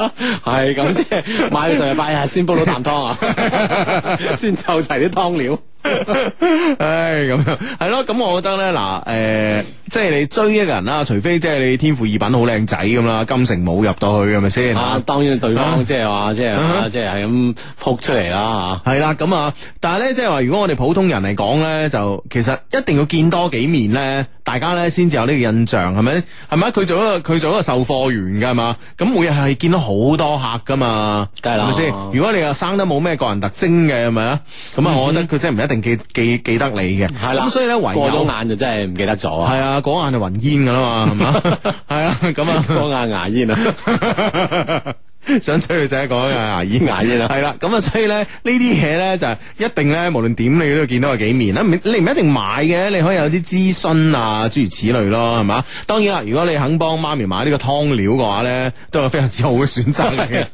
係咁、啊、即係買到上日拜下先煲到啖湯啊，即 先湊齊啲湯料。 唉，咁樣係咯，咁我覺得咧，嗱，誒、呃，即係你追一個人啦，除非即係你天賦異稟好靚仔咁啦，金城武入到去嘅咪先啊，當然對方即係話，即係、啊，即係係咁撲出嚟啦，係啦、嗯，咁啊，但係咧，即係話如果我哋普通人嚟講咧，就其實一定要見多幾面咧。大家咧先至有呢個印象，係咪？係咪？佢做一個佢做一個售貨員嘅係嘛？咁每日係見到好多客噶嘛，係咪先？吧如果你又生得冇咩個人特徵嘅，係咪啊？咁啊，我覺得佢真係唔一定記記記得你嘅。係啦，咁所以咧，過咗眼就真係唔記得咗啊。係啊，過、那個、眼就雲煙噶啦嘛，係嘛？係啊， 咁、那、啊、個，過眼牙煙啊。想追女仔講牙煙牙煙啦，係啦，咁啊，所以咧呢啲嘢咧就係一定咧，無論點你都要見到佢幾面啦。你唔一定買嘅，你可以有啲諮詢啊，諸如此類咯，係嘛？當然啦，如果你肯幫媽咪買呢個湯料嘅話咧，都有非常之好嘅選擇嘅。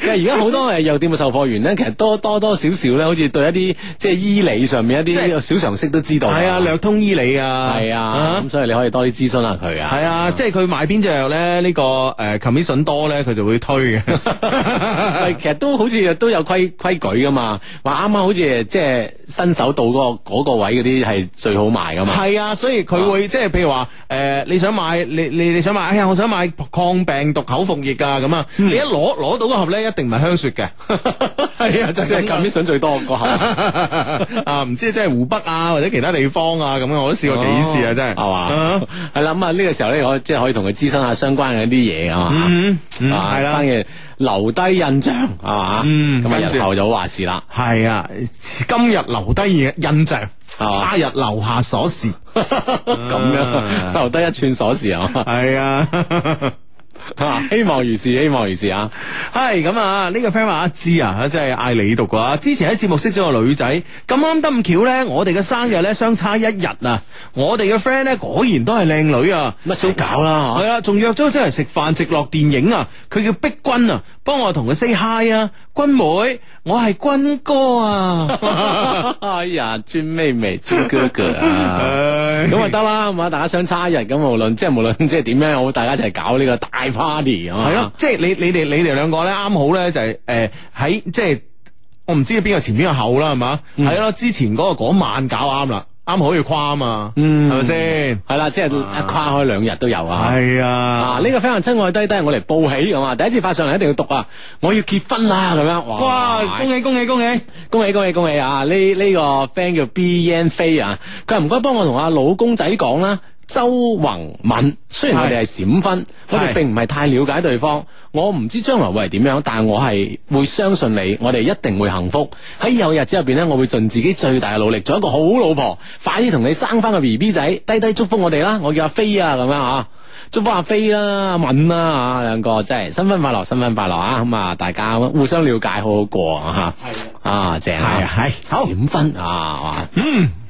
其實而家好多誒藥店嘅售貨員咧，其實多多多少少咧，好似對一啲即係醫理上面一啲即係小常識都知道。係啊，略通醫理啊，係啊，咁所以你可以多啲諮詢下佢啊。係啊，即係佢買邊隻藥咧？呢個誒 commission 多咧，佢就會推嘅。其實都好似都有規規矩噶嘛，話啱啱好似即係新手到嗰個個位嗰啲係最好賣噶嘛。係啊，所以佢會即係譬如話誒，你想買，你你你想買，哎呀，我想買抗病毒口服液啊，咁啊，你一攞攞到個盒咧，一定唔係香雪嘅，係啊，就係咁啲想最多個盒啊，唔知即係湖北啊或者其他地方啊咁樣，我都試過幾次啊，真係，係嘛？係啦，咁啊，呢個時候咧，我即係可以同佢諮詢下相關嘅一啲嘢啊，係啦。留低印象啊，咁啊、嗯、日後有話事啦。係啊，今日留低嘢印象，他、啊、日留下鎖匙，咁 樣留低一串鎖匙啊。係啊。 是啊 希望如是，希望如是 hi，啊！係咁啊，呢個 friend 話阿芝啊，真係嗌你讀噶，之前喺節目識咗個女仔，咁啱得咁巧咧，我哋嘅生日咧相差一日啊！我哋嘅 friend 咧果然都係靚女啊！乜都搞啦，係啊， 仲約咗出嚟食飯，直落電影啊！佢叫碧君啊，幫我同佢 say hi 啊，君妹，我係君哥啊！ 哎呀，尊妹妹，尊哥哥啊！咁啊得啦，係嘛， 大家相差一日，咁無論即係無論即係點樣，我會大家一齊搞呢個大 party 啊，係咯，即係你你哋你哋兩個咧，啱好咧就係誒喺即係我唔知邊個前邊個後啦，係嘛，係咯，之前嗰個嗰晚搞啱啦，啱好要跨啊嘛，係咪先？係啦，即係跨開兩日都有啊，係啊，呢個 friend 親愛低低，我嚟報喜咁啊，第一次發上嚟一定要讀啊，我要結婚啦咁樣，哇，哇，恭喜恭喜恭喜恭喜恭喜恭喜啊！呢、這、呢個 friend 叫 B N 飛啊，佢話唔該幫我同阿老公仔講啦。周宏敏，雖然我哋係閃婚，是我哋並唔係太了解對方，是我唔知將來會係點樣，但係我係會相信你，我哋一定會幸福。喺以後日子入邊呢？我會盡自己最大嘅努力，做一個好老婆，快啲同你生翻個 B B 仔，低低祝福我哋啦！我叫阿飛啊，咁樣啊，祝福阿飛啦、啊，敏啦、啊，吓兩個真係新婚快樂，新婚快樂啊！咁啊，大家互相了解，好好過吓，係啊，啊正係係閃婚啊，嗯。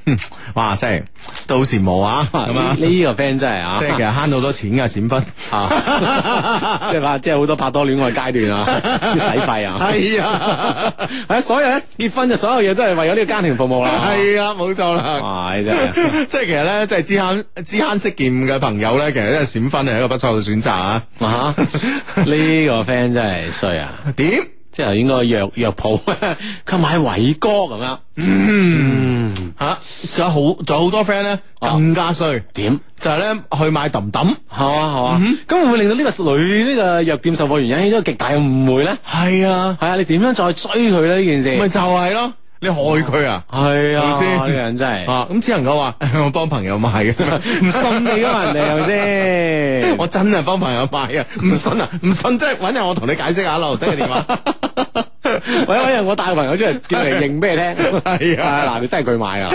哇，真係到時冇啊！咁啊，呢個 friend 真係啊，即係其實慳到好多錢噶閃婚啊，即係話即係好多拍多戀愛嘅階段啊，要使費啊，係啊，誒，所有一結婚就所有嘢都係為咗呢個家庭服務啦，係啊，冇錯啦，係真係，即係其實咧，即係知慳知慳識儉嘅朋友咧，其實真係閃婚係一個不錯嘅選擇啊！啊，呢個 friend 真係衰啊，點？即係應該藥藥鋪，佢 買偉哥咁樣，吓，仲有好仲有好多 friend 咧更加衰點，就係咧去買揼揼，係嘛係嘛，咁會唔會令到呢個女、這個、藥個呢個藥店售貨員引起咗極大嘅誤會咧？係啊係啊，你點樣再追佢咧呢件事？咪就係咯。你害佢啊？係哇啊，咁、啊、樣真係，咁只能夠話我幫朋友買嘅，唔信你噶，人哋係咪先？ 我真係幫朋友買啊，唔信啊，唔信即係搵人我同你解釋下劉德嘅電話。 喂、 哎，我帶個朋友出嚟，叫你認咩聽？係 啊，嗱，真係佢買啊！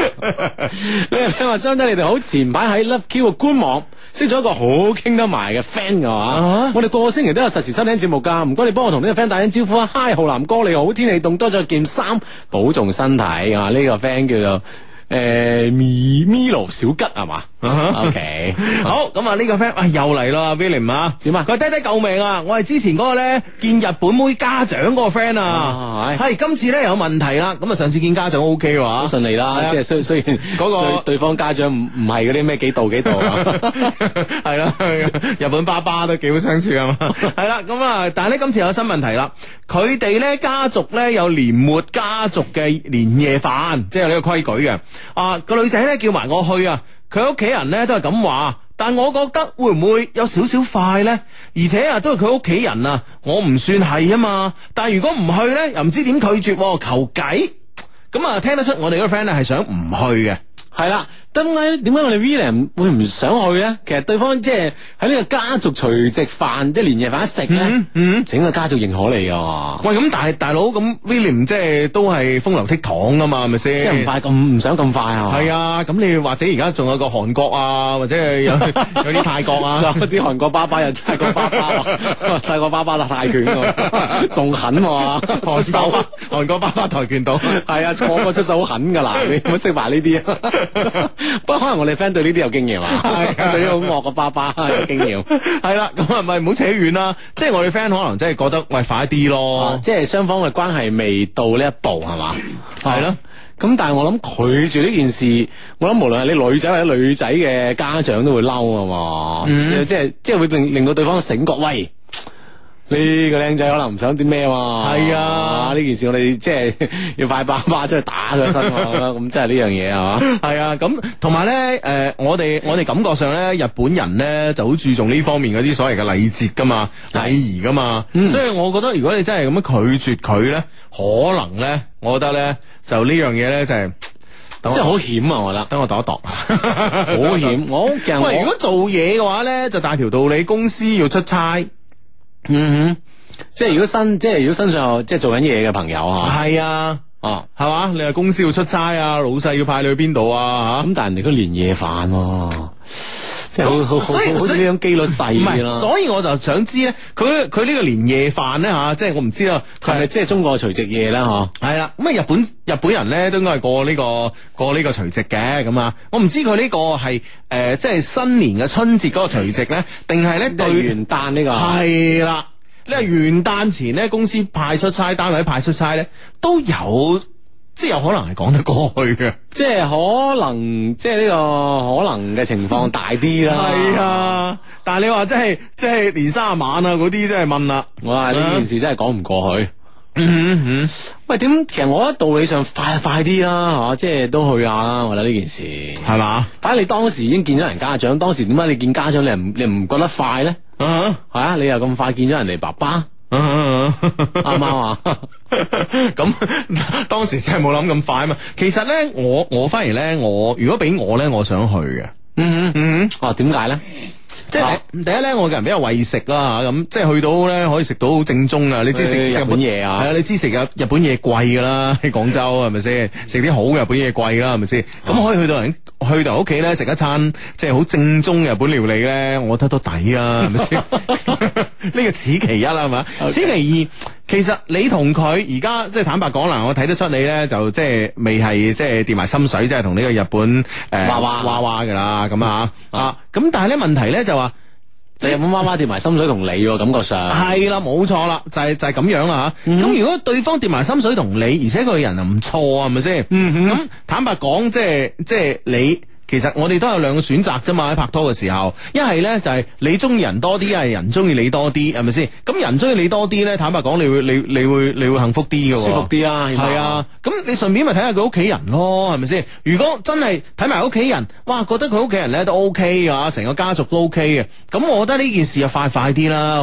你你話，相得，你哋 好，前排喺 LoveQ 官網識咗一個好傾得埋嘅 friend 嘅嘛？啊、我哋個個星期都有實時收聽節目噶。唔該，你幫我同呢個 friend 打聲招呼啊！Hi，浩南哥你好，天氣凍多咗件衫，保重身體啊！呢、這個 friend 叫做。誒，咪咪路、欸、小吉係嘛？O K，好咁啊！呢個 friend，、哎、又嚟啦 William 啊，點啊樣？佢話爹爹救命啊！我係之前嗰個咧見日本妹家長嗰個 friend 啊，係、啊、今次咧有問題啦。咁啊，上次見家長 O K 嘅話，順利啦。即係雖雖然嗰、嗰個 對，對方家長唔唔係嗰啲咩幾度幾度、啊，係啦， 日本爸爸都幾好相處啊嘛。係啦，咁啊， 但係咧今次有新問題啦。佢哋咧家族咧有年末家族嘅年夜飯，即係有呢個規矩嘅。.啊，那個女仔咧叫埋我去啊，佢屋企人咧都係咁話。但我覺得會唔會有少少快呢？而且啊，都係佢屋企人啊，我唔算係啊嘛。但係如果唔去呢，又唔知點拒絕，啊，求計咁啊？聽得出我哋個 friend 咧係想唔去嘅，係啦。點解我哋 William 會唔想去咧？其實對方即係喺呢個家族除夕飯，即係年夜飯食咧，整個家族認可你噶喂，咁大大佬咁 William 即係都係風流倜儻啊嘛，係咪先？即係唔快咁，唔想咁快啊？係啊，咁你或者而家仲有個韓國啊，或者有有啲泰國啊，啲韓國爸爸又泰國爸爸，泰國爸爸打泰拳，仲狠喎！出手啊，韓國爸爸跆拳道，係啊，我個出手好狠噶啦，你唔識埋呢啲啊？不過可能我哋 friend 對呢啲有經驗啊，的 對啲好惡嘅爸爸有、啊、經驗。係 啦，咁啊咪唔好扯遠啦。即、就、係、是、我哋 friend 可能真係覺得喂快啲咯，囉哦、即係雙方嘅關係未到呢一步係嘛。係咯，咁、啊、但係我諗拒絕呢件事，我諗無論係你女仔或者女仔嘅家長都會嬲啊嘛。即係即係會令令到對方醒覺喂。呢個靚仔可能唔想啲咩嘛？係啊，呢 Yeah,、啊、件事我哋即係要快爸爸出去打佢身啦，咁即係呢樣嘢係嘛？係啊，咁同埋咧，誒、呃，我哋、嗯、我哋感覺上咧，日本人咧就好注重呢方面嗰啲所謂嘅禮節噶嘛，禮儀噶嘛，嗯、所以我覺得如果你真係咁樣拒絕佢咧，可能咧、就是 啊，我覺得咧，就呢樣嘢咧就係，即係好險啊！我覺得，等我度一度，好險！我喂， 如果做嘢嘅話咧，就大條道理，公司要出差。嗯哼，即係如果身、啊、即係如果身上即係做緊嘢嘅朋友啊，係啊，哦，係嘛，你話公司要出差啊，老細要派你去邊度啊咁，但係人哋都連夜飯喎、啊。好好好好，呢樣機率細啦，所以我就想知咧，佢佢呢個年夜飯咧嚇、啊，即係我唔知啦，係咪即係中國嘅除夕夜啦嗬？係、啊、啦，咁啊日本日本人咧都應該係過呢、這個過呢個除夕嘅。咁啊，我唔知佢呢個係誒即係新年嘅春節嗰個除夕咧，定係咧對元旦呢、這個係啦，你係元旦前咧公司派出差單位派出差咧都有，即係有可能係講得過去嘅， 即係可能，即係呢、這個可能嘅情況大啲啦。係 啊，但係你話即係即係年三十晚啊嗰啲，即係問啦。哇！呢、啊、件事真係講唔過去。嗯嗯喂，點其實我覺得道理上快快啲啦，嚇、啊，即係都去下啦。我覺得呢件事係嘛？睇、啊啊、你當時已經見咗人家長，當時點解你見家長你唔你唔覺得快咧、啊？啊，係啊，你又咁快見咗人哋爸爸？阿媽 啊，咁、啊，啊、 當時真係冇諗咁快啊嘛。其實咧，我我反而咧，我如果俾我咧，我想去嘅。嗯哼嗯嗯哼啊，點解咧？ 即係第一咧，我個人比較為食啦，咁即係去到咧可以食到好正宗啊！你知食日本嘢啊？係啊，你知食日本嘢貴噶啦，喺廣州係咪先？食啲好日本嘢貴啦，係咪先？咁、啊、可以去到人去到屋企咧食一餐，即係好正宗日本料理咧，我覺得都抵啊！係咪先？呢 個此其一啦，係嘛？Okay. 此其二。其實你同佢而家即係坦白講啦，我睇得出你咧就即係未係即係跌埋心水，即係同呢個日本誒、呃、哇娃娃娃娃噶啦咁啊、嗯、樣啊！咁但係咧問題咧就話，就日本娃娃跌埋心水同你、啊，感覺上係啦，冇錯、 啊、啦，就係、是、就係、是、咁樣啦咁、嗯、哼如果對方跌埋心水同你，而且個人又唔錯，係咪先？嗯哼，咁、嗯、哼坦白講，即係即係你。其實我哋都有兩個選擇啫嘛，喺拍拖嘅時候，一係咧就係、是、你中意人多啲，一係人中意你多啲，係咪先？咁人中意你多啲咧，坦白講你會你你會你會幸福啲嘅、啊，舒服啲啊，係啊。咁你順便咪睇下佢屋企人咯，係咪先？如果真係睇埋屋企人，哇，覺得佢屋企人咧都 OK 啊，成個家族都 OK 嘅。咁我覺得呢件事啊快快啲啦，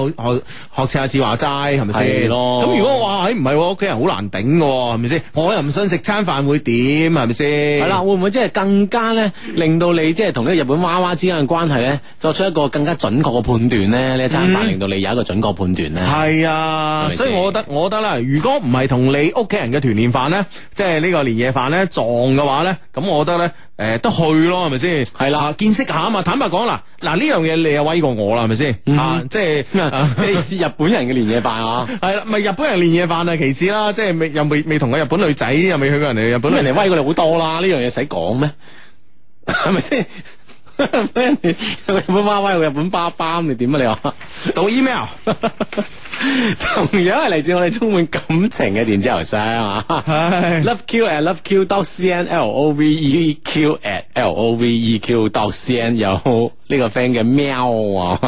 學似阿子話齋，係咪先？係咯。咁的、啊、如果哇，唉唔係，屋企人好難頂，係咪先？我又唔想食餐飯會點，係咪先？係啦，會唔會即係更加咧？令到你即係同呢日本娃娃之間嘅關係咧，作出一個更加準確嘅判斷咧，呢、嗯、一餐飯令到你有一個準確判斷咧。係啊，是是，所以我覺得，我覺得啦。如果唔係同你屋企人嘅團年飯咧，即係呢個年夜飯咧撞嘅話咧，咁我覺得咧，誒、呃、都去咯，係咪先？係啦、啊，見識下啊嘛。坦白講啦，嗱呢樣嘢你又威過我啦，係咪先？啊，即係即係日本人嘅年夜飯啊，係啦、 啊，咪日本人年夜飯啊，其次啦，即係未又未未同個日本女仔又未去過人哋日本，人哋威過你好多啦，呢樣嘢使講咩？係咪先有個日本娃娃有個日本爸爸咁你點啊你話讀 email 同樣係嚟自我哋充滿感情嘅電子郵箱啊嘛 loveq at loveq dot cn loveq at loveq dot cn 有呢個 friend 嘅喵啊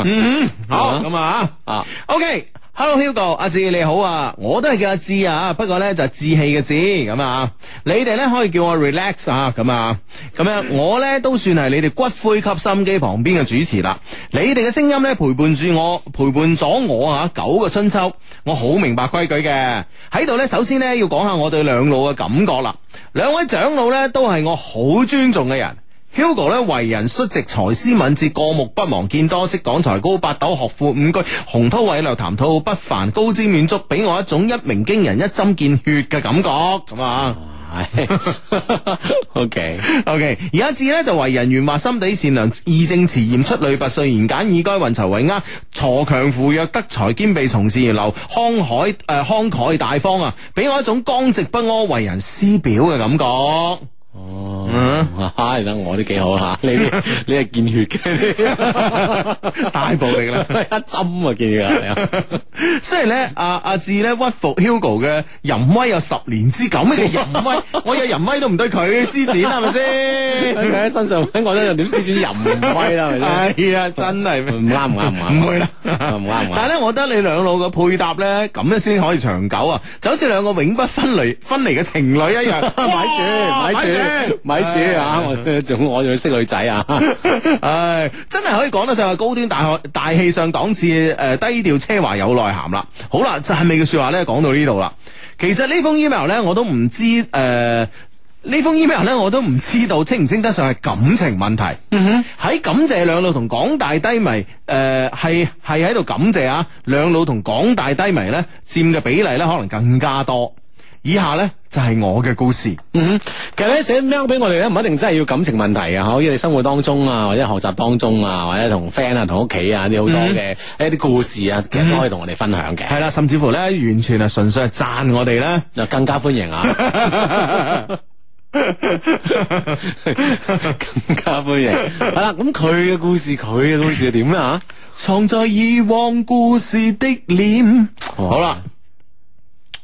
好咁啊啊 ok Hello Hugo，阿志你好啊，我都係叫阿志啊，不過咧就係志氣嘅志咁啊，你哋咧可以叫我 relax 啊，咁啊，咁樣、啊、我咧都算係你哋骨灰級心機旁邊嘅主持啦。你哋嘅聲音咧陪伴住我，陪伴咗我，我啊九個春秋，我好明白規矩嘅。喺度咧，首先咧要講下我對兩老嘅感覺啦。兩位長老咧都係我好尊重嘅人。Hugo 咧為人率直、才思敏捷、過目不忘、見多識廣、才高八斗、學富五車、鴻韜偉略、談吐不凡、高瞻遠矚，俾我一種一鳴驚人、一針見血嘅感覺咁啊，OK OK 而家字呢就為人圓滑、心地善良、義正辭嚴、出類拔萃、言簡以該、運籌帷幄、鋤強扶弱、德才兼備、從事而流、慷慨，誒，慷慨大方啊，俾我一種剛直不阿、為人師表嘅感覺。哦，吓，你諗我都幾好吓，你你係見血嘅，大暴力啦，一針啊見嘅。雖然咧，阿阿志咧屈服 Hugo 嘅淫威有十年之久，咩叫淫威？我有淫威都唔對佢施展，係咪先？喺佢喺身上，喺我身上點施展淫威啊？係啊，真係唔啱唔啱唔啱，唔會啦，唔啱唔啱。但係咧，我覺得你兩老嘅配搭咧，咁樣先可以長久啊，就好似兩個永不分離分離嘅情侶一樣。咪住，咪住。咪住啊，仲 我仲要識女仔啊！唉、 哎，真係可以講得上係高端大氣、大氣上檔次誒、呃，低調奢華有內涵啦。好啦，讚美嘅說話咧，講到呢度啦。其實封呢封 email 咧，我都唔知誒，呃、封呢封 email 咧，我都唔知道稱唔稱得上係感情問題。哼、mm，喺、hmm. 感謝兩老同廣大低迷誒，係係喺度感謝啊，兩老同廣大低迷咧，佔嘅比例咧，可能更加多。以下咧就係、是、我嘅故事。嗯哼，其實咧寫 email 俾我哋咧，唔一定真係要感情問題嘅，可以喺生活當中啊，或者學習當中啊，或者同 friend 啊、同屋企啊，啲好多嘅一啲故事啊，其實都可以同我哋分享嘅。係啦、嗯，甚至乎咧，完全係純粹係讚我哋咧，就更加歡迎啊！ 更加歡迎。係 啦，咁佢嘅故事，佢嘅 故事係點咧？吓，藏在以往故事的臉。好啦。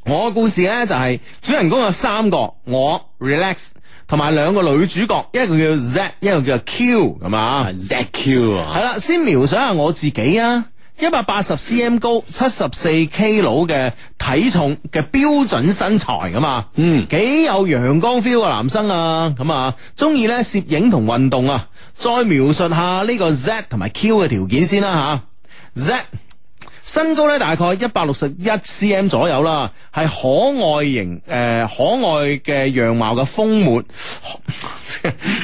我故事呢，就係、是、主人公有三個，我 relax 同埋兩個女主角，一個叫 Z，一個叫 Q 咁啊。Z Q 啊，係啦，先描寫下我自己啊，一百八十 cm 高，七十四 k 佬嘅體重嘅標準身材咁啊，嗯，幾有陽光 feel 嘅男生啊，咁啊，中意呢攝影同運動啊，再描述下呢個 Z 同埋 Q 嘅條件先啦吓，Z。身高咧大概一百六十一 cm 左右啦，係可愛型誒、呃，可愛嘅樣貌嘅豐滿。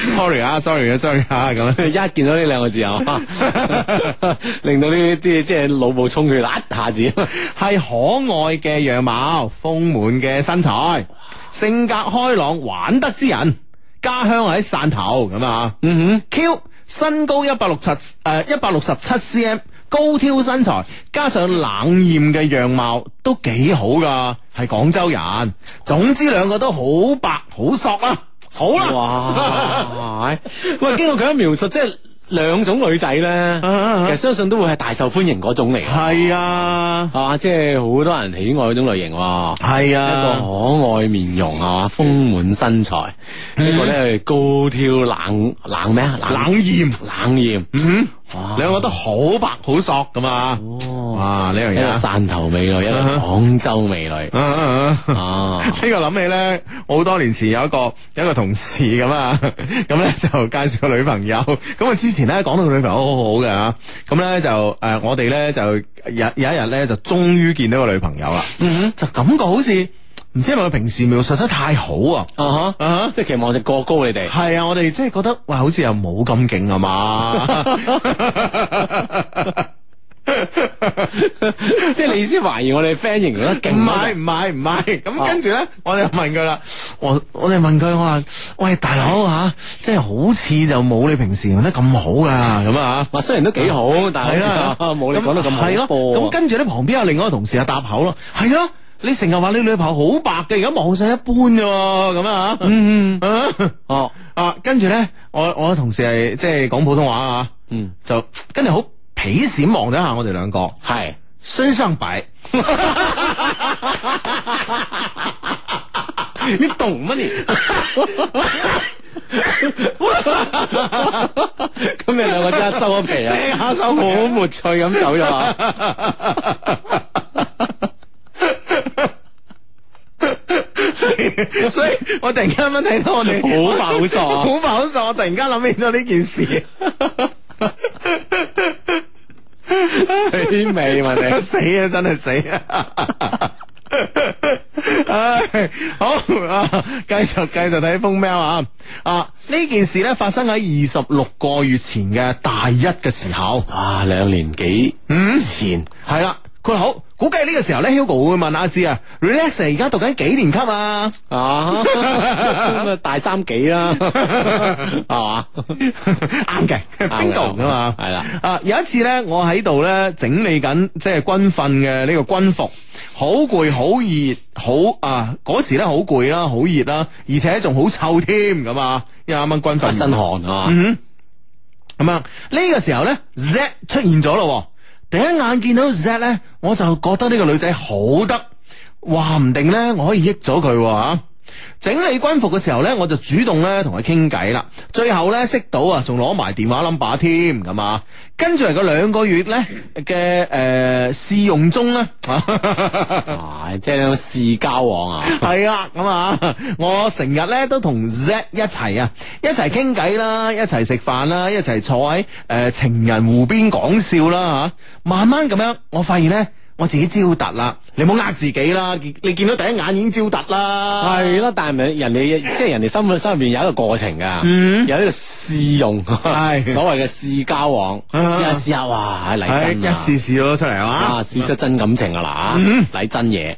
sorry 啊，sorry 啊，sorry 啊，咁 一見到呢兩個字啊， 令到呢啲即係腦部充血，一下子係 可愛嘅樣貌，豐滿嘅身材，性格開朗，玩得之人，家鄉喺汕頭，咁啊，嗯哼，Q。Hmm. 身高一百六十誒，一百六十七 cm 高挑身材，加上冷艷嘅樣貌，都幾好噶。係廣州人，總之兩個都好白好索啊。好啦，哇，喂， 經過佢嘅描述， 即係。兩種女仔咧，啊啊、其實相信都會係大受歡迎嗰種嚟，係啊，啊，即係好多人喜愛嗰種類型，係啊，啊一個可愛面容啊，豐滿身材，啊、個呢個咧係高挑冷冷咩啊，冷艷，冷艷，嗯哼。兩個都好白好索噶嘛，哇呢樣嘢！一個汕頭美女，一個廣州美女。哦，呢個諗起咧，我好多年前有一個有一個同事咁啊，咁 咧就介紹個女朋友。咁啊之前咧，講到個女朋友好好嘅吓，咁咧就誒，我哋咧就有有一日咧就終於見到個女朋友啦。嗯哼，就感覺好似。唔知係咪佢平時描述得太好啊？啊，即係期望值過高。你，你哋係啊！我哋即係覺得，喂，好似又冇咁勁啊嘛？即 係 你意思懷疑我哋 friend 型咯？唔係唔係唔係，咁、嗯、 跟住咧，我哋問佢啦、哦。我我哋問佢，我話，喂，大佬吓，即係 好似就冇你平時用得咁好噶，咁啊吓。雖然都幾好，但係啦，冇你講得咁好。係咯，咁跟住咧，旁邊有另外一個同事啊，搭口咯，係啊。啊嗯啊嗯啊嗯你成日話你女朋友好白嘅，而家望上一般嘅，咁啊？嗯，哦，啊，跟住咧，我我同事係即係講普通話啊，嗯，就跟住好鄙視望咗一下我哋兩個，係新生擺， 你懂乜你？咁你兩個即刻收咗皮啊，即下收好沒，沒趣咁走咗 所以， 我突然間咁睇到我哋好飽爽，好飽爽！我突然間諗起咗呢件事，死未？我哋死啊，真係死啊！唉、 哎，好，繼、啊、續繼續睇《瘋貓》啊！啊，呢件事咧發生喺二十六個月前嘅大一嘅時候啊，兩年幾前係啦，佢好、嗯。估計呢個時候咧，Hugo 會問阿芝啊，Relax 而家讀緊幾年級啊？啊，咁啊大三幾啦，係嘛？啱嘅，邊度噶嘛？係啦。啊，有一次咧，我喺度咧整理緊即係軍訓嘅呢個軍服，好攰，好熱，好啊嗰時咧好攰啦，好熱啦，而且仲好臭添咁啊，因為啱啱軍訓，一身汗啊，嗯，咁啊呢個時候咧，Z 出現咗咯。第一眼見到 Z 咧，我就覺得呢個女仔好得，話唔定咧我可以益咗佢啊。整理軍服嘅時候呢，我就主動呢同佢傾偈啦。最後呢，識到啊，仲攞埋電話 number 添咁啊。跟住嚟個兩個月呢嘅誒試用中呢、 啊，即係試交往啊。係 啊，咁啊，我成日呢都同 Z 一齊啊，一齊傾偈啦，一齊食飯啦，一齊坐喺誒、呃、情人湖邊講笑啦吓、啊。慢慢咁樣，我發現呢。我自己招突啦，你唔好呃自己啦。你見到第一眼已經招突啦，係啦。但係咪人哋即係人哋心入心入邊有一個過程噶嗯、有一個試用，係、嗯、所謂嘅試交往，試下試下，哇，係嚟真一試試咗出嚟，啊，試出真感情噶啦，嚟、嗯、真嘢。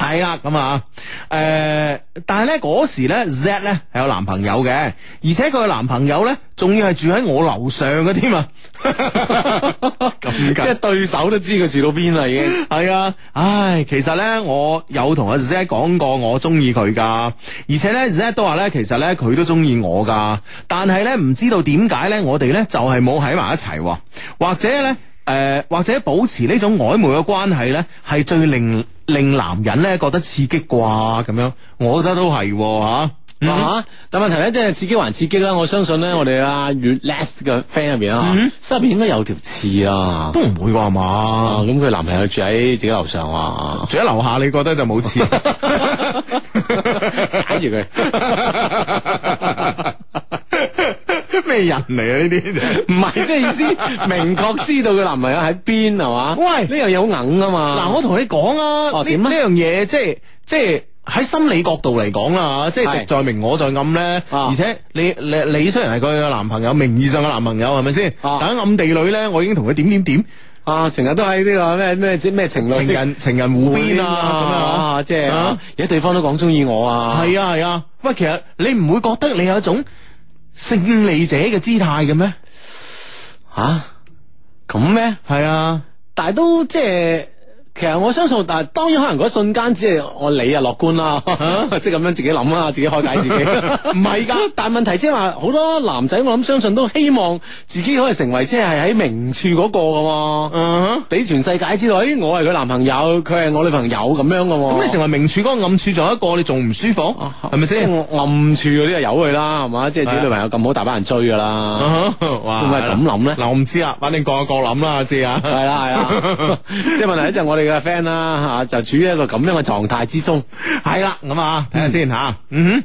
係啦，咁啊，誒、呃，但係咧嗰時咧，Z 咧係有男朋友嘅，而且佢嘅男朋友咧，仲要係住喺我樓上嘅添啊， 咁即係對手都知佢住到邊啦已經。係啊， 唉，其實咧我有同阿 Z 講過我中意佢噶，而且咧 Z 都話咧，其實咧佢都中意我噶，但係咧唔知道點解咧，我哋咧就係冇喺埋一齊，或者咧。誒，或者保持呢種曖昧嘅關係咧，係最令令男人咧覺得刺激啩咁樣，我覺得都係吓吓。但問題咧，即係刺激還刺激啦。我相信咧，我哋阿月 less 嘅 friend 入邊啊，嗯、面身入邊應該有條刺啊，都唔、嗯、會啩嘛。咁佢、嗯、男朋友住喺自己樓上啊，住喺樓下你覺得就冇刺、啊，解住佢。 人嚟啊！呢啲唔係即係意思，明確知道佢男朋友喺邊係嘛？喂，呢樣有硬啊嘛！嗱，我同你講啊，呢呢樣嘢即係即係喺心理角度嚟講啦吓，即係在明我在暗咧。而且你你你雖然係佢嘅男朋友，名義上嘅男朋友係咪先？但喺暗地裏咧，我已經同佢點點點啊，成日都喺呢個咩咩咩情情人情人湖邊啊咁啊，即係而家對方都講中意我啊。係啊係啊，喂，其實你唔會覺得你有一種？勝利者嘅姿態嘅咩？吓咁咩？係啊，啊但係都即係。其實我相信，但係當然可能嗰瞬間只係我你啊樂觀啦，識咁樣自己諗啦，自己開解自己。唔係噶，但係問題即係話好多男仔，我諗相信都希望自己可以成為即係喺明處嗰個噶嘛，俾全世界知道，咦，我係佢男朋友，佢係我女朋友咁樣噶嘛。咁你成為明處嗰個，暗處仲有一個，你仲唔舒服係咪先？暗處嗰啲啊有佢啦，係嘛，即係自己女朋友咁好，大把人追噶啦。哇，會唔會係咁諗咧？嗱，我唔知啊，反正各有各諗啦，知啊。係啦係啦，即係問題我哋。你嘅 friend 啦，吓就處於一個咁樣嘅狀態之中，係啦， 咁、嗯、啊，睇下先吓，嗯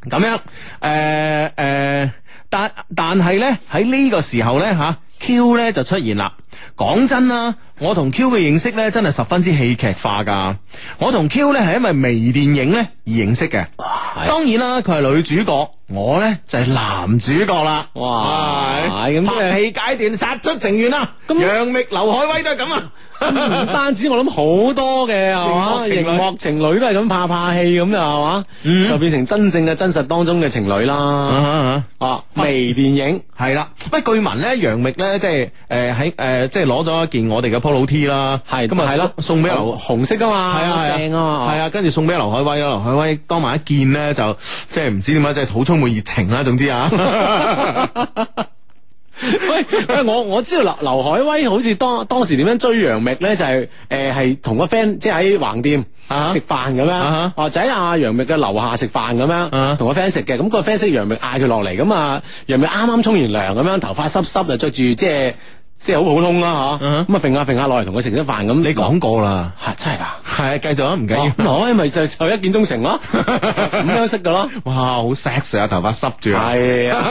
哼，咁樣，誒、呃、誒、呃，但但係咧喺呢個時候咧，吓、啊、Q 咧就出現啦。講真啦，我同 Q 嘅認識咧真係十分之戲劇化噶。我同 Q 咧係因為微電影咧而認識嘅。哇當然啦，佢係女主角，我咧就係男主角啦。哇！哇拍戲階段殺出情緣啦，楊冪哇、劉愷麥威都係咁啊！唔單止我諗，好多嘅係情熒幕情侶都係咁，怕怕戲咁啊係嘛，就變成真正嘅真實當中嘅情侶啦。啊，微電影係啦。不過據聞咧，楊冪咧即係誒喺誒。呃即係攞咗一件我哋嘅 polo T 啦，係咁啊，係咯，送俾劉紅色噶嘛，正啊，嘛，係啊，跟住送俾劉愷威咯，劉愷威當埋一件咧，就即係唔知點解，即係好充滿熱情啦。總之啊，喂喂，我我知道劉劉愷威好似當當時點樣追楊冪咧，就係誒係同個 friend 即係喺橫店食飯咁樣，哦，就喺阿楊冪嘅樓下食飯咁樣，同個 friend 食嘅，咁個 friend 識楊冪，嗌佢落嚟，咁啊楊冪啱啱沖完涼咁樣，頭髮濕濕，又着住即係。即係好普通啦，吓咁啊，揈下揈下落嚟同佢食咗飯咁。你講過啦，吓真係噶，係繼續啊，唔緊要。咁啊，咪就就一見鍾情咯，咁樣識噶咯？哇，好 sexy 啊，頭髮濕住，係啊，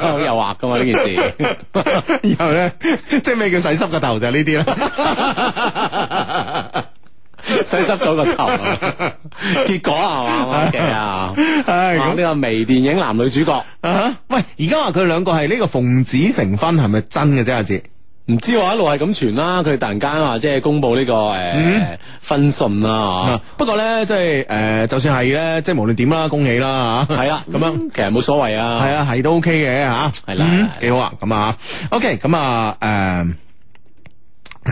好誘惑噶嘛呢件事。然後咧，即係咩叫洗濕個頭就係呢啲啦，洗濕咗個頭，結果係嘛？係啊，哇，呢個微電影男女主角喂，而家話佢兩個係呢個奉子成婚係咪真嘅啫？阿唔知話一路係咁傳啦，佢突然間話即係公布呢個誒分信啦。不過呢，即係誒、呃，就算係呢，即係無論點啦，恭喜啦吓。係、嗯嗯、啊，咁樣其實冇所謂啊。係、OK、啊，係都的、嗯、OK 嘅吓。係、呃、啦，幾好啊。咁啊，OK，咁啊，誒，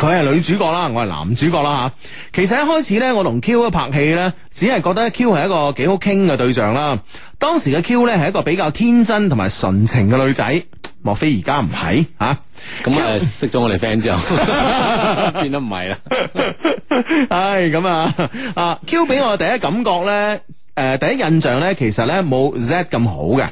佢係女主角啦，我係男主角啦吓。其實一開始呢，我同 Q 一拍戲呢，只係覺得 Q 係一個幾好傾嘅對象啦。當時嘅 Q 呢，係一個比較天真同埋純情嘅女仔。莫非而家唔係啊？咁誒、嗯，識咗我哋 friend 之後，變得唔係啦。唉，咁啊，啊 Q 俾我第一感覺咧，誒、呃，第一印象咧，其實咧冇 Z 咁好嘅。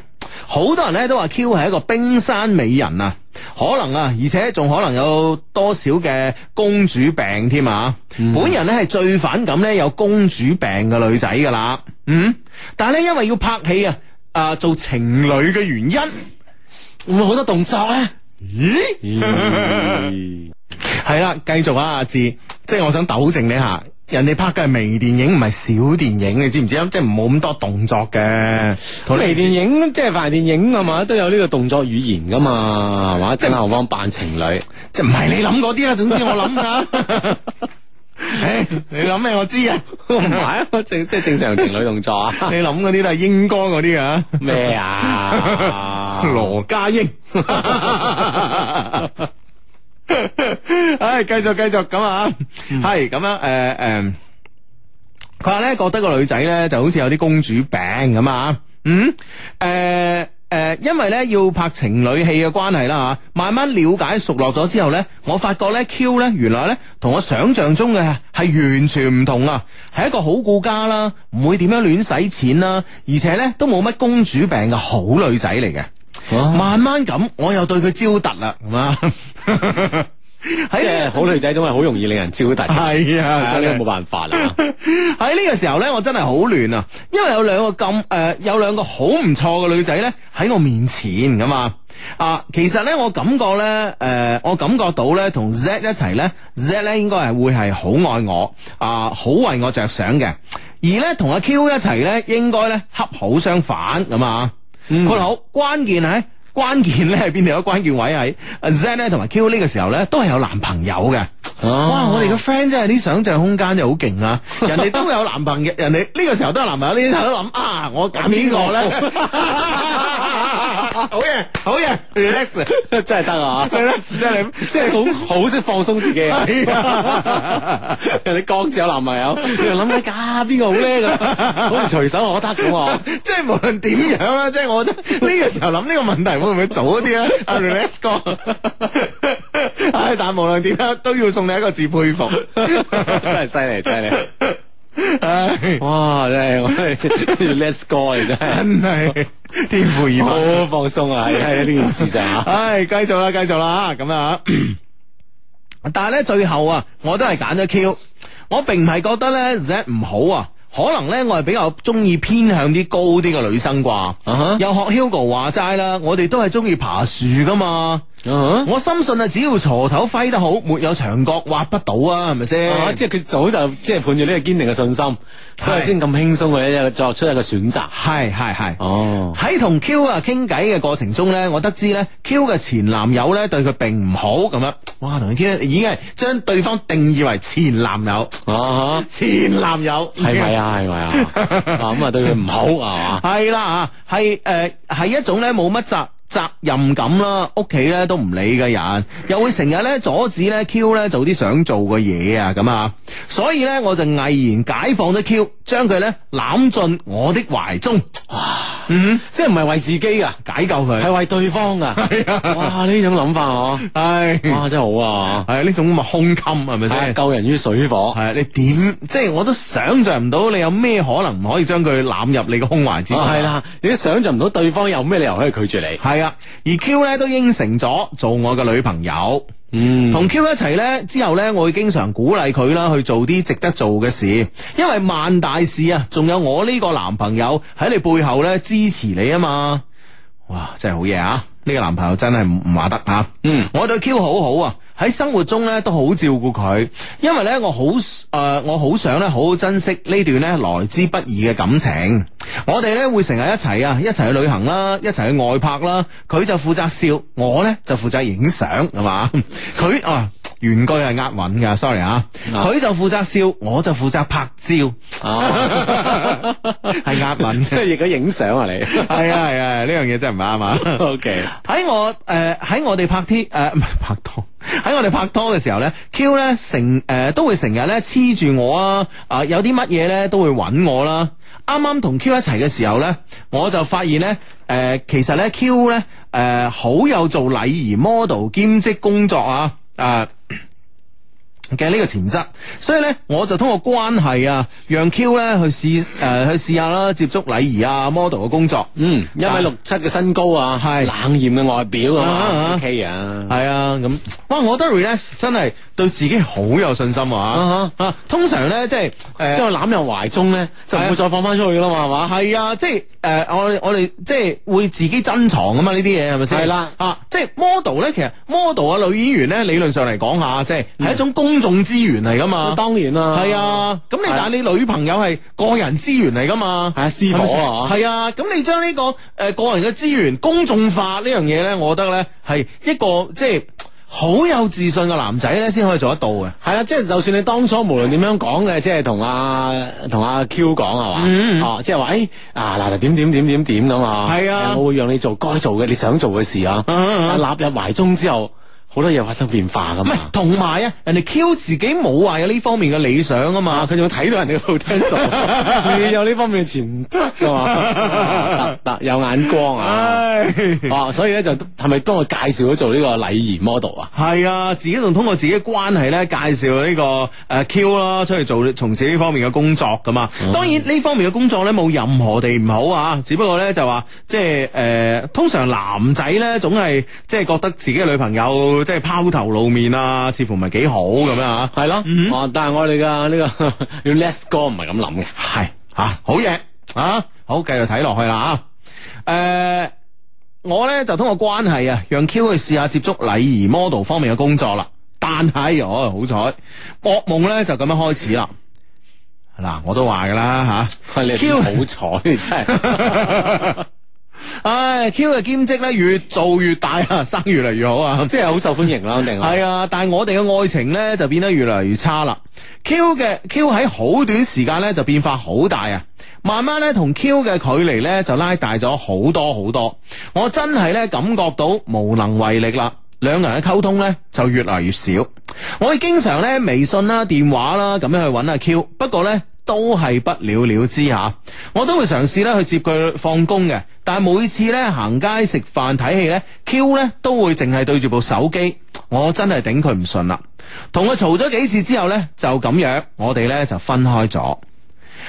好多人咧都話 Q 係一個冰山美人啊，可能啊，而且仲可能有多少嘅公主病添啊。啊嗯、本人咧係最反感咧有公主病嘅女仔噶啦。嗯，但係咧因為要拍戲啊，啊做情侶嘅原因。會唔會好多動作咧？咦，係啦， 繼續啊，阿志，即係我想糾正你下，人哋拍嘅係微電影，唔係小電影，你知唔知啊？即係冇咁多動作嘅，微電影 即係快電影係嘛， 都有呢個動作語言噶嘛，係嘛？正後方扮情侶，即係唔係你諗嗰啲啦。總之我諗下。 誒、欸，你諗咩？我知噶，唔 係啊，我正即係正常情侶動作啊。你諗嗰啲都係英哥嗰啲啊？咩啊、嗯？羅家英。唉，繼續繼續咁啊，係咁樣。誒、呃、誒，佢話咧覺得個女仔咧就好似有啲公主病咁啊。嗯，誒、呃。誒、呃，因為咧要拍情侶戲嘅關係啦，吓、啊、慢慢了解熟落咗之後咧，我發覺咧 Q 咧原來咧同我想象中嘅係完全唔同啊，係一個好顧家啦，唔會點樣亂使錢啦、啊，而且咧都冇乜公主病嘅好女仔嚟嘅。哦、慢慢咁，我又對佢招突啦，係嘛。 即係好女仔，總係好容易令人超敵。係啊，咁呢個冇辦法啦。喺呢個時候呢，我真係好亂啊，因為有兩個咁誒、呃，有兩個好唔錯嘅女仔呢喺我面前咁啊。啊，其實呢，我感覺呢，誒、呃，我感覺到呢，同 Z 一齊呢，Z 呢應該係會係好愛我啊，好為我着想嘅。而呢，同阿 Q 一齊呢，應該呢恰好相反咁啊。嗯，好關鍵係。關鍵咧係邊度有關鍵位喺阿 Z 咧同埋 Q 呢個時候咧都係有男朋友嘅，oh. 哇！我哋個 friend 真係啲想象空間就好勁啊，人哋都有男朋友， 人哋呢個時候都有男朋友，呢頭都諗啊，我揀邊個咧？ 啊、蛋好嘢好！好嘢 relax 真係，啊，ưỡ 真係 好，好識放鬆自己，人哋各自有男朋友，你又諗下嫁邊個好叻咁，好似隨手可得咁，啊。即係無論點樣啦，即係我覺得呢，這個時候諗呢個問題，會唔會早啲啊。relax、啊、哥、 哎，但無論點樣都要送你一個字佩服，真係犀利，犀利。唉，哇，真 係我係 Let's go、really. 真係，天賦異禀，好放鬆鬆啊，係啊呢件事就唉，繼、 哎、續啦，繼續啦咁啊。但係咧最後啊，我都係揀咗 Q，我並唔係覺得咧 Z 唔好啊，可能咧我係比較中意偏向啲高啲嘅女生啩，又學 Hugo 話齋啦，我哋都係中意爬樹噶嘛。Uh huh. 我深信啊，只要鋤頭揮得好，沒有牆角挖不到啊，係咪先？即係佢早就即係判住呢個堅定嘅信心， 所以先咁輕鬆嘅作出一個選擇。係係係，哦，喺同、oh. Q 啊傾偈嘅過程中咧，我得知咧 Q 嘅前男友咧對佢並唔好咁樣。哇，同佢傾已經係將對方定義為前男友。啊， 前男友係咪 啊？係咪啊？咁啊對佢唔好啊？係啦啊，係誒係一種咧冇乜責。責任感啦，屋企咧都唔理嘅人，又會成日咧阻止咧 Q 咧做啲想做嘅嘢啊，咁啊，所以咧我就毅然解放咗 Q，將佢咧攬進我的懷中，哇嗯，即係唔係為自己啊，解救佢，係為對方啊，哇，呢種諗法嗬，係、啊，哇，真係好啊，係呢、啊、種咁嘅胸襟係咪先？救人於水火，係、啊、你點，即係我都想象唔到你有咩可能唔可以將佢攬入你嘅胸懷之中，係啦、啊啊，你都想象唔到對方有咩理由可以拒絕你，係。而 Q 咧都應承咗做我嘅女朋友，嗯，同 Q 一齊呢。之後呢，我會經常鼓勵佢啦，去做啲值得做嘅事，因為萬大事啊，仲有我呢個男朋友喺你背後咧支持你啊嘛，哇，真係好嘢啊，呢個男朋友真係唔唔話得吓，嗯，我對 Q 好好啊。喺生活中咧都好照顧佢，因為咧我好誒、呃，我好想咧好好珍惜呢段咧來之不易嘅感情。我哋咧會成日一齊啊，一齊去旅行啦，一齊去外拍啦。佢就負責笑，我咧就負責影相，係嘛？佢 啊原句係押韻㗎，sorry 啊。佢、啊、就負責笑，我就負責拍照。係 押韻，即係亦都影相啊！你係啊係啊，呢樣嘢真係唔啱啊！O K，喺我誒，喺、呃、我哋拍貼誒、呃，唔係拍拖。拍拍拍拍拍拍拍拍喺我哋拍拖嘅時候咧，Q 咧成誒、呃、都會成日咧黐住我啊！啊、呃、有啲乜嘢咧都會揾我啦。啱啱同 Q 一齊嘅時候咧，我就發現咧誒、呃，其實咧 Q 咧誒、呃、好有做禮儀 model 兼職工作啊啊。呃嘅呢個潛質，所以咧我就通過關係啊，讓 Q 咧去試誒去試下啦，接觸禮儀啊 model 嘅工作。嗯，一米六七嘅身高啊，係冷艷嘅外表啊嘛，OK 啊，係啊咁。哇，我覺得 relax 真係對自己好有信心啊！嚇嚇，通常咧即係誒將佢攬入懷中咧，就唔會再放翻出去噶啦嘛，係嘛？係啊，即係誒我我哋即係會自己珍藏啊嘛呢啲嘢係咪先？係啦，啊即係 model 咧，其實 model 啊女演員咧理論上嚟講下，即係係一種工。公眾資源嚟噶嘛？當然啦，係啊。咁、啊嗯、你但係你女朋友係個人資源嚟噶嘛？係啊，師婆啊，係啊。咁、啊、你將呢、這個誒、呃、個人嘅資源公眾化呢樣嘢咧，我覺得咧係一個即係好有自信嘅男仔咧，先可以做得到嘅。係啊，即、就、係、是、就算你當初無論點樣講嘅，即係同阿同阿 Q 講係嘛，哦，即係話誒啊嗱，點點點點點咁啊，係啊、嗯、啊，就是哎、啊啊我會讓你做該做嘅你想做嘅事啊，納、嗯、入懷中之後。好多嘢發生變化噶嘛，哎，同埋啊，人哋 Q 自己冇話有呢方面嘅理想啊嘛，佢仲睇到人哋 potential， 有呢方面嘅潛質噶嘛，得得有眼光啊，哎哎啊，所以咧就係咪當佢介紹咗做呢個禮儀 model 啊？係啊，自己仲通過自己嘅關係咧介紹呢、這個誒 Q 啦，出去、啊、做從事呢方面嘅工作噶嘛。是是當然呢方面嘅工作咧冇任何地唔好啊，只不過咧就話即係誒，通常男仔咧總係即係覺得自己嘅女朋友。即係拋頭露面啊，似乎唔係幾好咁樣啊，係咯。嗯啊、但係我哋嘅呢個要 less go，唔係咁諗嘅，係吓好嘢啊！好繼續睇落去啦啊！誒、啊，我咧就通過關係啊，讓 Q 去試下接觸禮儀 model 方面嘅工作啦。但係我好彩，惡夢咧就咁樣開始啦。嗱、啊，我都話噶啦吓，你 Q 好彩，真係。唉、哎，Q 嘅兼職咧越做越大啊，生意越嚟越好啊，即係好受歡迎啦， 肯定係啊。但係我哋嘅愛情咧就變得越嚟越差啦。Q 嘅 Q 喺好短時間咧就變化好大啊，慢慢咧同 Q 嘅距離咧就拉大咗好多好多。我真係咧感覺到無能為力啦，兩個人嘅溝通咧就越嚟越少。我經常咧微信啦、啊、電話啦、啊、咁樣去揾阿、啊、Q，不過咧。都係不了了之吓，我都會嘗試咧去接佢放工嘅，但係每次咧行街食飯睇戲咧，Q 咧都會淨係對住部手機，我真係頂佢唔順啦。同佢嘈咗幾次之後咧，就咁樣，我哋咧就分開咗。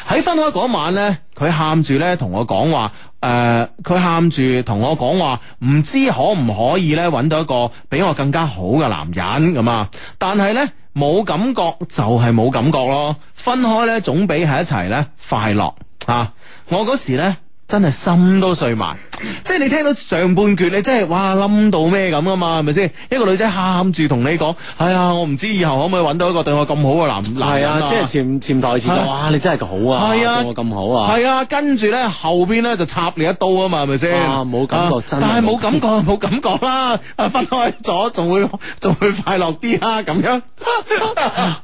喺分開嗰晚咧，佢喊住咧同我講話。誒，佢喊住同我講話，唔知可唔可以咧揾到一個比我更加好嘅男人咁啊？但係咧冇感覺就係冇感覺咯，分開咧總比喺一齊咧快樂啊！我嗰時咧。真係心都碎埋，即係你聽到上半闕，你真係哇，冧到咩咁噶嘛？係咪先？一個女仔喊住同你講，係、哎、啊，我唔知以後可唔可以揾到一個對我咁好嘅男男啊！即係潛潛台詞，啊、哇！你真係個好啊，對、啊、我咁好啊！係啊，跟住咧後邊咧就插你一刀啊嘛，係咪先？哇、啊，冇感覺真。但係冇感覺，冇、啊、感覺啦，啊 分開咗，仲會仲會快樂啲啊。咁樣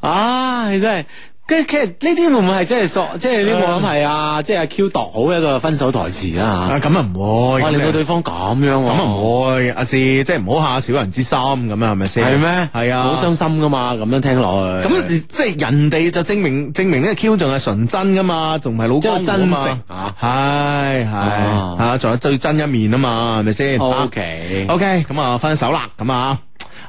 啊，真係。跟住其實呢啲會唔會係真係索，即係呢個咁係啊？即係阿 Q 度好一個分手台詞啊吓！咁啊唔會，令到對方咁樣，咁啊唔會，阿志即係唔好下小人之心咁啊，係咪先？係咩？係啊！好傷心噶嘛，咁樣聽落去。咁即係人哋就證明證明呢個，Q 仲係純真噶嘛，仲唔係老公？真真啊！係係吓，仲有最真一面啊嘛，係咪先？OK OK，咁啊分手啦，咁啊。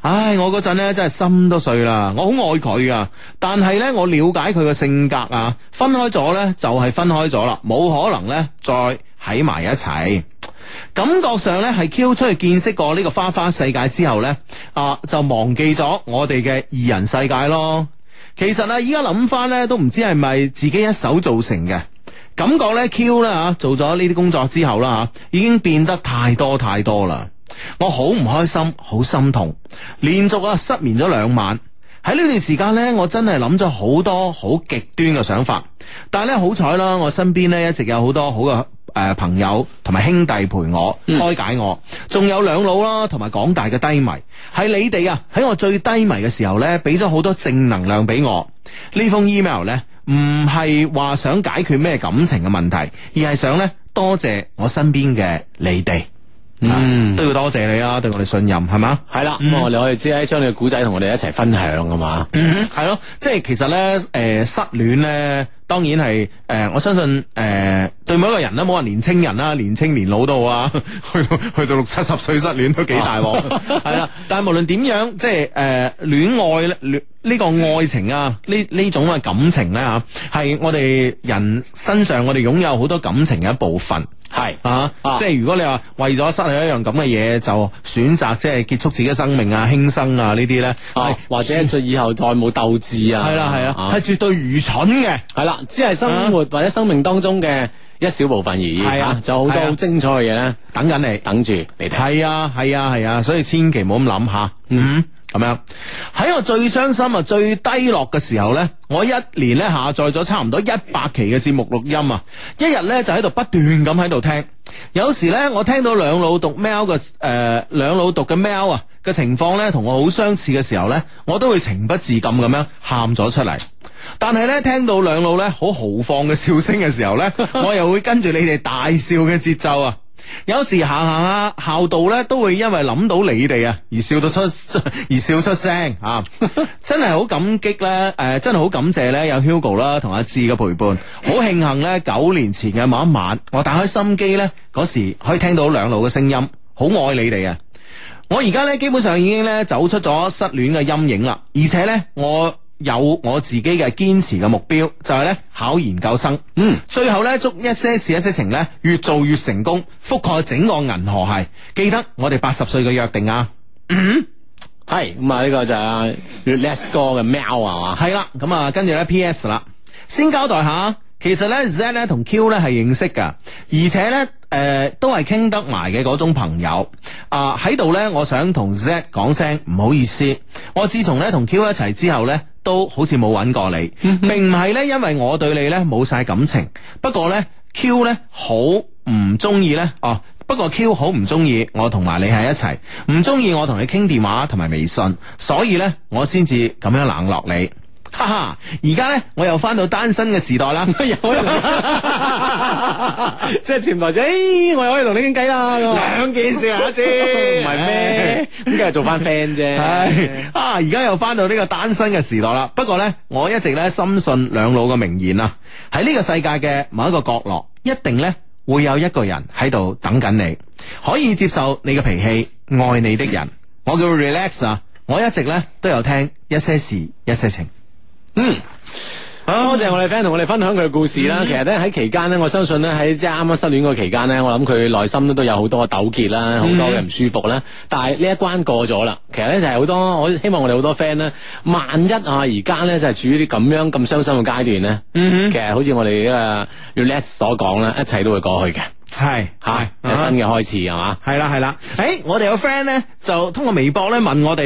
唉，我嗰陣咧真係心都碎啦！我好愛佢啊，但係呢，我了解佢嘅性格啊，分開咗呢，就係分開咗啦，冇可能呢再喺埋一齊。感覺上呢，係 Q 出去見識過呢個花花世界之後呢，啊，就忘記咗我哋嘅二人世界咯。其實啊，依家諗翻呢，都唔知係咪自己一手造成嘅感覺呢 Q 咧做咗呢啲工作之後啦啊，已經變得太多太多啦。我好唔開心，好心痛，連續啊失眠咗兩晚。喺呢段時間呢，我真係諗咗好多好極端嘅想法。但係咧，好彩啦，我身邊呢，一直有好多好嘅誒、呃、朋友同埋兄弟陪我、嗯、開解我，仲有兩老啦，同埋港大嘅低迷，係你哋啊，喺我最低迷嘅時候呢，俾咗好多正能量俾我。呢封 email 呢，唔係話想解決咩感情嘅問題，而係想呢，多謝我身邊嘅你哋。嗯，都要多謝你啊，對我哋信任係嘛？係啦，咁了、嗯、我哋可以即係將你嘅古仔同我哋一齊分享噶嘛，係咯、嗯，即係其實咧，誒、呃，失戀咧。當然係，誒，我相信，誒，對每一個人啦，冇話年青人啦，年青年老到啊，去到去到六七十歲失戀都幾大鑊，係啦。但係無論點樣，即係，誒，戀愛咧，戀呢個愛情啊，呢呢種嘅感情咧吓，係我哋人身上我哋擁有好多感情嘅一部分，係啊，即係如果你話為咗失去一樣咁嘅嘢，就選擇即係結束自己生命啊、輕生啊呢啲咧，係或者再以後再冇鬥志啊，係啦係啦，係絕對愚蠢嘅，係啦。只係生活或者生命當中嘅一小部分而已吓，就好、啊、多好精彩嘅嘢咧，等緊你，等住你哋。係啊，係啊，係啊，所以千祈唔好咁諗下。嗯、啊。Mm hmm. 咁樣喺我最傷心啊、最低落嘅時候呢，我一年咧下載咗差唔多一百期嘅節目錄音啊，一日咧就喺度不斷咁喺度聽。有時呢，我聽到兩老讀喵嘅誒，兩老讀嘅貓啊嘅情況呢，同我好相似嘅時候呢，我都會情不自禁咁樣喊咗出嚟。但係呢，聽到兩老呢好豪放嘅笑聲嘅時候呢，我又會跟住你哋大笑嘅節奏啊！有時行行下校道咧都會因為諗到你哋啊而笑到出而笑出聲啊、 呃！真係好感激咧，誒，真係好感謝咧，有 Hugo 啦同阿志嘅陪伴，好慶幸咧九年前嘅某一晚，我打開心機咧嗰時可以聽到兩老嘅聲音，好愛你哋啊！我而家咧基本上已經咧走出咗失戀嘅陰影啦，而且咧我。有我自己嘅堅持嘅目標，就係、是、咧考研究生。嗯，最後咧祝一些事一些情咧越做越成功，覆蓋整個銀河系。記得我哋八十歲嘅約定啊！嗯，係咁啊，呢、這個就係、是《 Let's Go》嘅喵啊。嘛，係啦，咁啊，跟住咧 P.S. 啦，先交代下。其實咧，Z 咧同 Q 咧係認識噶，而且咧，誒、呃、都係傾得埋嘅嗰種朋友。啊、呃，喺度咧，我想同 Z 講聲唔好意思。我自從咧同 Q 一齊之後咧，都好似冇揾過你， 並唔係咧，因為我對你咧冇晒感情。不過咧，Q 咧好唔中意咧哦。不過 Q 好唔中意我同埋你喺一齊，唔中意我同你傾電話同埋微信，所以咧我先至咁樣冷落你。哈哈！而家咧，我又翻到單身嘅時代啦， 即係前台仔，哎，我又可以同你傾偈啦。兩件事下先唔係咩咁，梗係、 哦、 做翻 friend 啫。係、 哎、啊，而家又翻到呢個單身嘅時代啦。不過咧，我一直咧深信兩老嘅名言啦，啊，喺呢個世界嘅某一個角落，一定咧會有一個人喺度等緊你，可以接受你嘅脾氣，愛你的人。我叫 Relax 啊，我一直咧都有聽一些事，一些情。嗯，好、啊，多謝我哋 friend 同我哋分享佢嘅故事啦。嗯、其實咧喺期間咧，我相信咧喺即係啱啱失戀個期間咧，我諗佢內心咧都有好多嘅糾結啦，好、嗯、多嘅唔舒服啦。但係呢一關過咗啦，其實咧就係好多，我希望我哋好多 friend 咧，萬一啊而家咧就係處於啲咁樣咁傷心嘅階段咧，嗯嗯其實好似我哋啊、uh,，relax 所講啦，一切都會過去嘅。係，係，新嘅開始係嘛，係啦，係啦。誒，hey, 我哋個 friend 呢，就通過微博呢問我哋，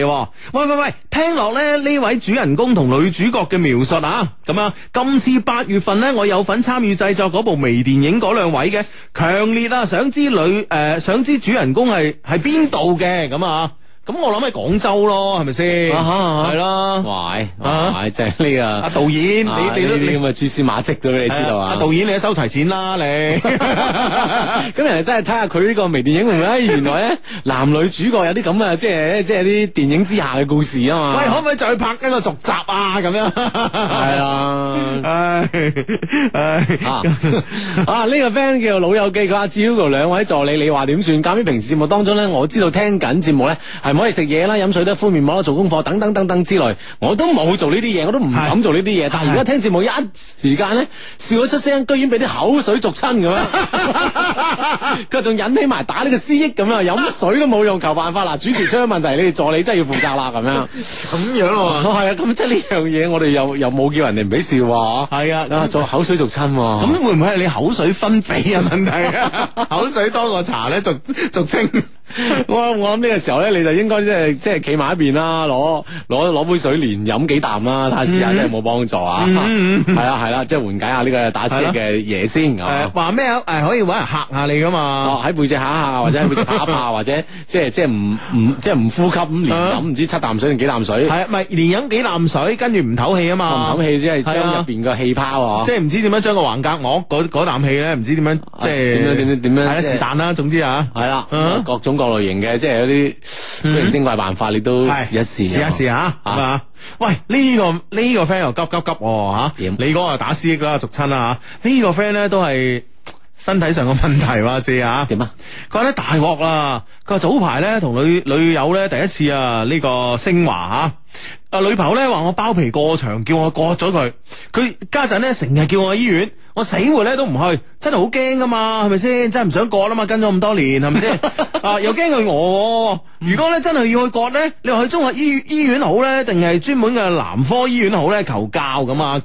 喂喂喂，聽落呢呢位主人公同女主角嘅描述啊，咁啊，今次八月份呢，我有份參與製作嗰部微電影嗰兩位嘅，強烈啊想知女誒、呃、想知主人公係喺邊度嘅咁啊。咁我諗喺廣州咯，係咪先？係咯，喂，哇！即係呢個阿導演，你你你咁啊蛛絲馬跡到，你知道啊？導演你都收齊錢啦，你咁人哋真係睇下佢呢個微電影會唔會？原來呢男女主角有啲咁啊，即係即係啲電影之下嘅故事啊嘛！喂，可唔可以再拍一個續集啊？咁樣係啊！啊！呢個 friend 叫老友記個阿蕉，兩位助理，你話點算？咁喺平時節目當中呢，我知道聽緊節目呢係。可以食嘢啦、飲水啦、敷面膜啦、做功課等等等等之類，我都冇做呢啲嘢，我都唔敢做呢啲嘢。但係而家聽節目一時間咧笑咗出聲，居然俾啲口水逐親咁樣，佢仲引起埋打呢個私益咁啊！飲水都冇用，求辦法啦，主持出咗問題，你哋助理真係要負責啦咁樣。咁樣喎，係啊，咁即係呢樣嘢，我哋又又冇叫人哋唔俾笑喎。係啊，做口水逐親喎。咁會唔會係你口水分泌嘅問題啊？口水多過茶咧，逐逐親。我我諗呢個時候咧，你就應。應該即係即係企埋一邊啦，攞攞攞杯水，連飲幾啖啦，睇下試下真係冇幫助 啊。係啦，係啦，即係緩解下呢個打先嘅嘢先。誒話咩可以揾人嚇下你噶嘛？喺、就是、背脊嚇下，或者喺背脊打下， 或者即係即係唔唔即係唔呼吸咁連飲唔知七啖水定幾啖水？係咪連飲幾啖水，跟住唔唞氣啊嘛？唔唞氣即係將入邊個氣泡，即係唔知點樣將個橫隔膜嗰啖氣咧，唔知點樣即係點樣點樣點樣？係、就、啊、是，是但啦。樣樣樣總之啊，係啦，各種各類型嘅即係嗰啲。 嗯、精怪辦法，你都試一試，試一試吓吓，吧啊、喂！呢個呢個 friend 又急急急吓，點、啊，樣你個打、啊這個打司機啦，逐親啦吓，呢個 friend 咧都係。身體上嘅問題話者啊？點啊？佢話咧大鑊啦！佢話早排咧同女女友咧第一次啊呢、這個升華吓，啊女朋友咧話我包皮過長，叫我割咗佢。佢家陣咧成日叫我去醫院，我死活咧都唔去，真係好驚噶嘛，係咪先？真係唔想割啦嘛，跟咗咁多年係咪先？ 啊又驚佢餓。如果咧真係要去割咧，你話去綜合醫醫院好咧，定係專門嘅男科醫院好咧？求教咁啊？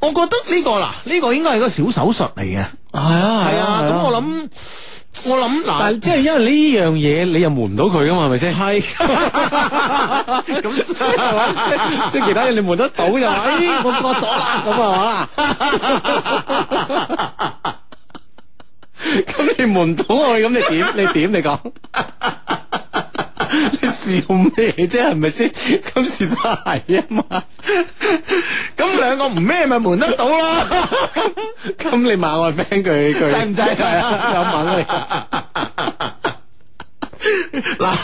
我覺得呢、這個啦，呢、啊這個應該係個小手術嚟嘅。係啊，係啊、yeah, yeah, yeah, yeah, yeah. yeah,，咁我諗，我諗嗱，即係因為呢樣嘢，你又瞞唔到佢噶嘛，係咪先？係、yeah. right. right.，咁即係嘛，即係其他嘢你瞞得到又話，我過咗啦，咁係嘛？咁你瞞唔到我，咁你點？你點？你講？ 你笑咩沒啫？係咪先？咁事實係啊嘛。咁 兩個唔咩咪瞞得到啦。咁你問我 friend 佢，佢真唔真制啊？有冇問你？.嗱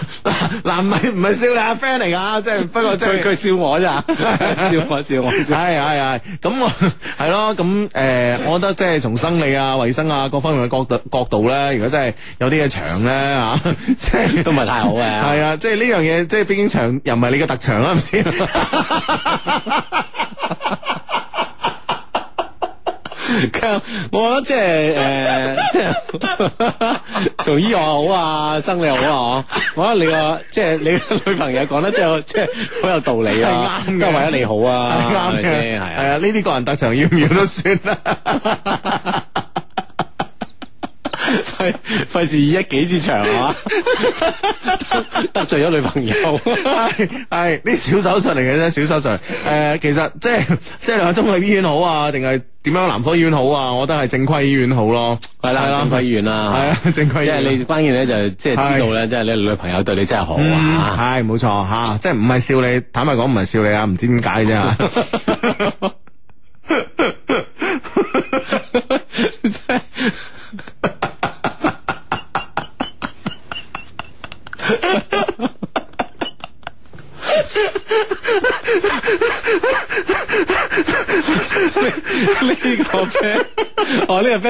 嗱唔係唔係笑你阿 friend 嚟噶，即係不過即係佢笑我咋，笑我笑我笑。係係係，咁我係咯，咁誒，我覺得即係從生理啊、衛生啊各方面嘅角度角度咧，如果真係有啲嘅長咧吓，即係都唔係太好嘅。係啊，即係呢樣嘢，即係畢竟長又唔係你嘅特長啦，係咪先？我覺得即係，欸，即係做醫學好啊，生理好啊，我覺得你個即係你女朋友講得即係即係好有道理啊，都為咗你好啊，啱嘅，先啊？呢啲個人特長要唔要都算啦。 費費事以一己之長啊，得 罪咗女朋友，係係啲小手術嚟嘅啫，小手術。誒、呃，其實即係即係，即係你話中國醫院好啊，定係點樣？男科醫院好啊？我覺得係正規醫院好咯，啊。係啦的，男科醫院啊，係的啊，正規。即係你關鍵咧，就即係知道咧的，即係你女朋友對你真係好啊。係冇錯吓，即係唔係笑你，坦白講唔係笑你啊，唔知點解啫。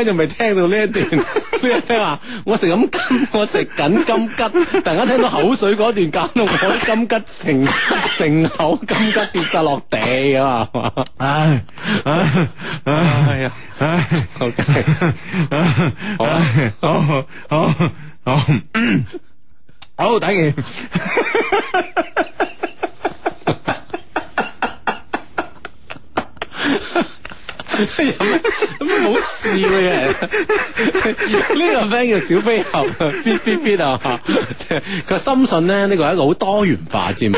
就未聽到呢一段，呢 一聽話 我食緊，我食緊金桔，突然間聽到口水嗰段，搞到我啲金桔成成口金桔跌曬落地啊嘛，唉唉呀唉，好嘅，好好好好，好，好，好、嗯、好等完。 咁冇事嘅，呢個 friend 叫小飛俠，fit fit fit 啊！佢深信咧，呢個係一個好多元化節目。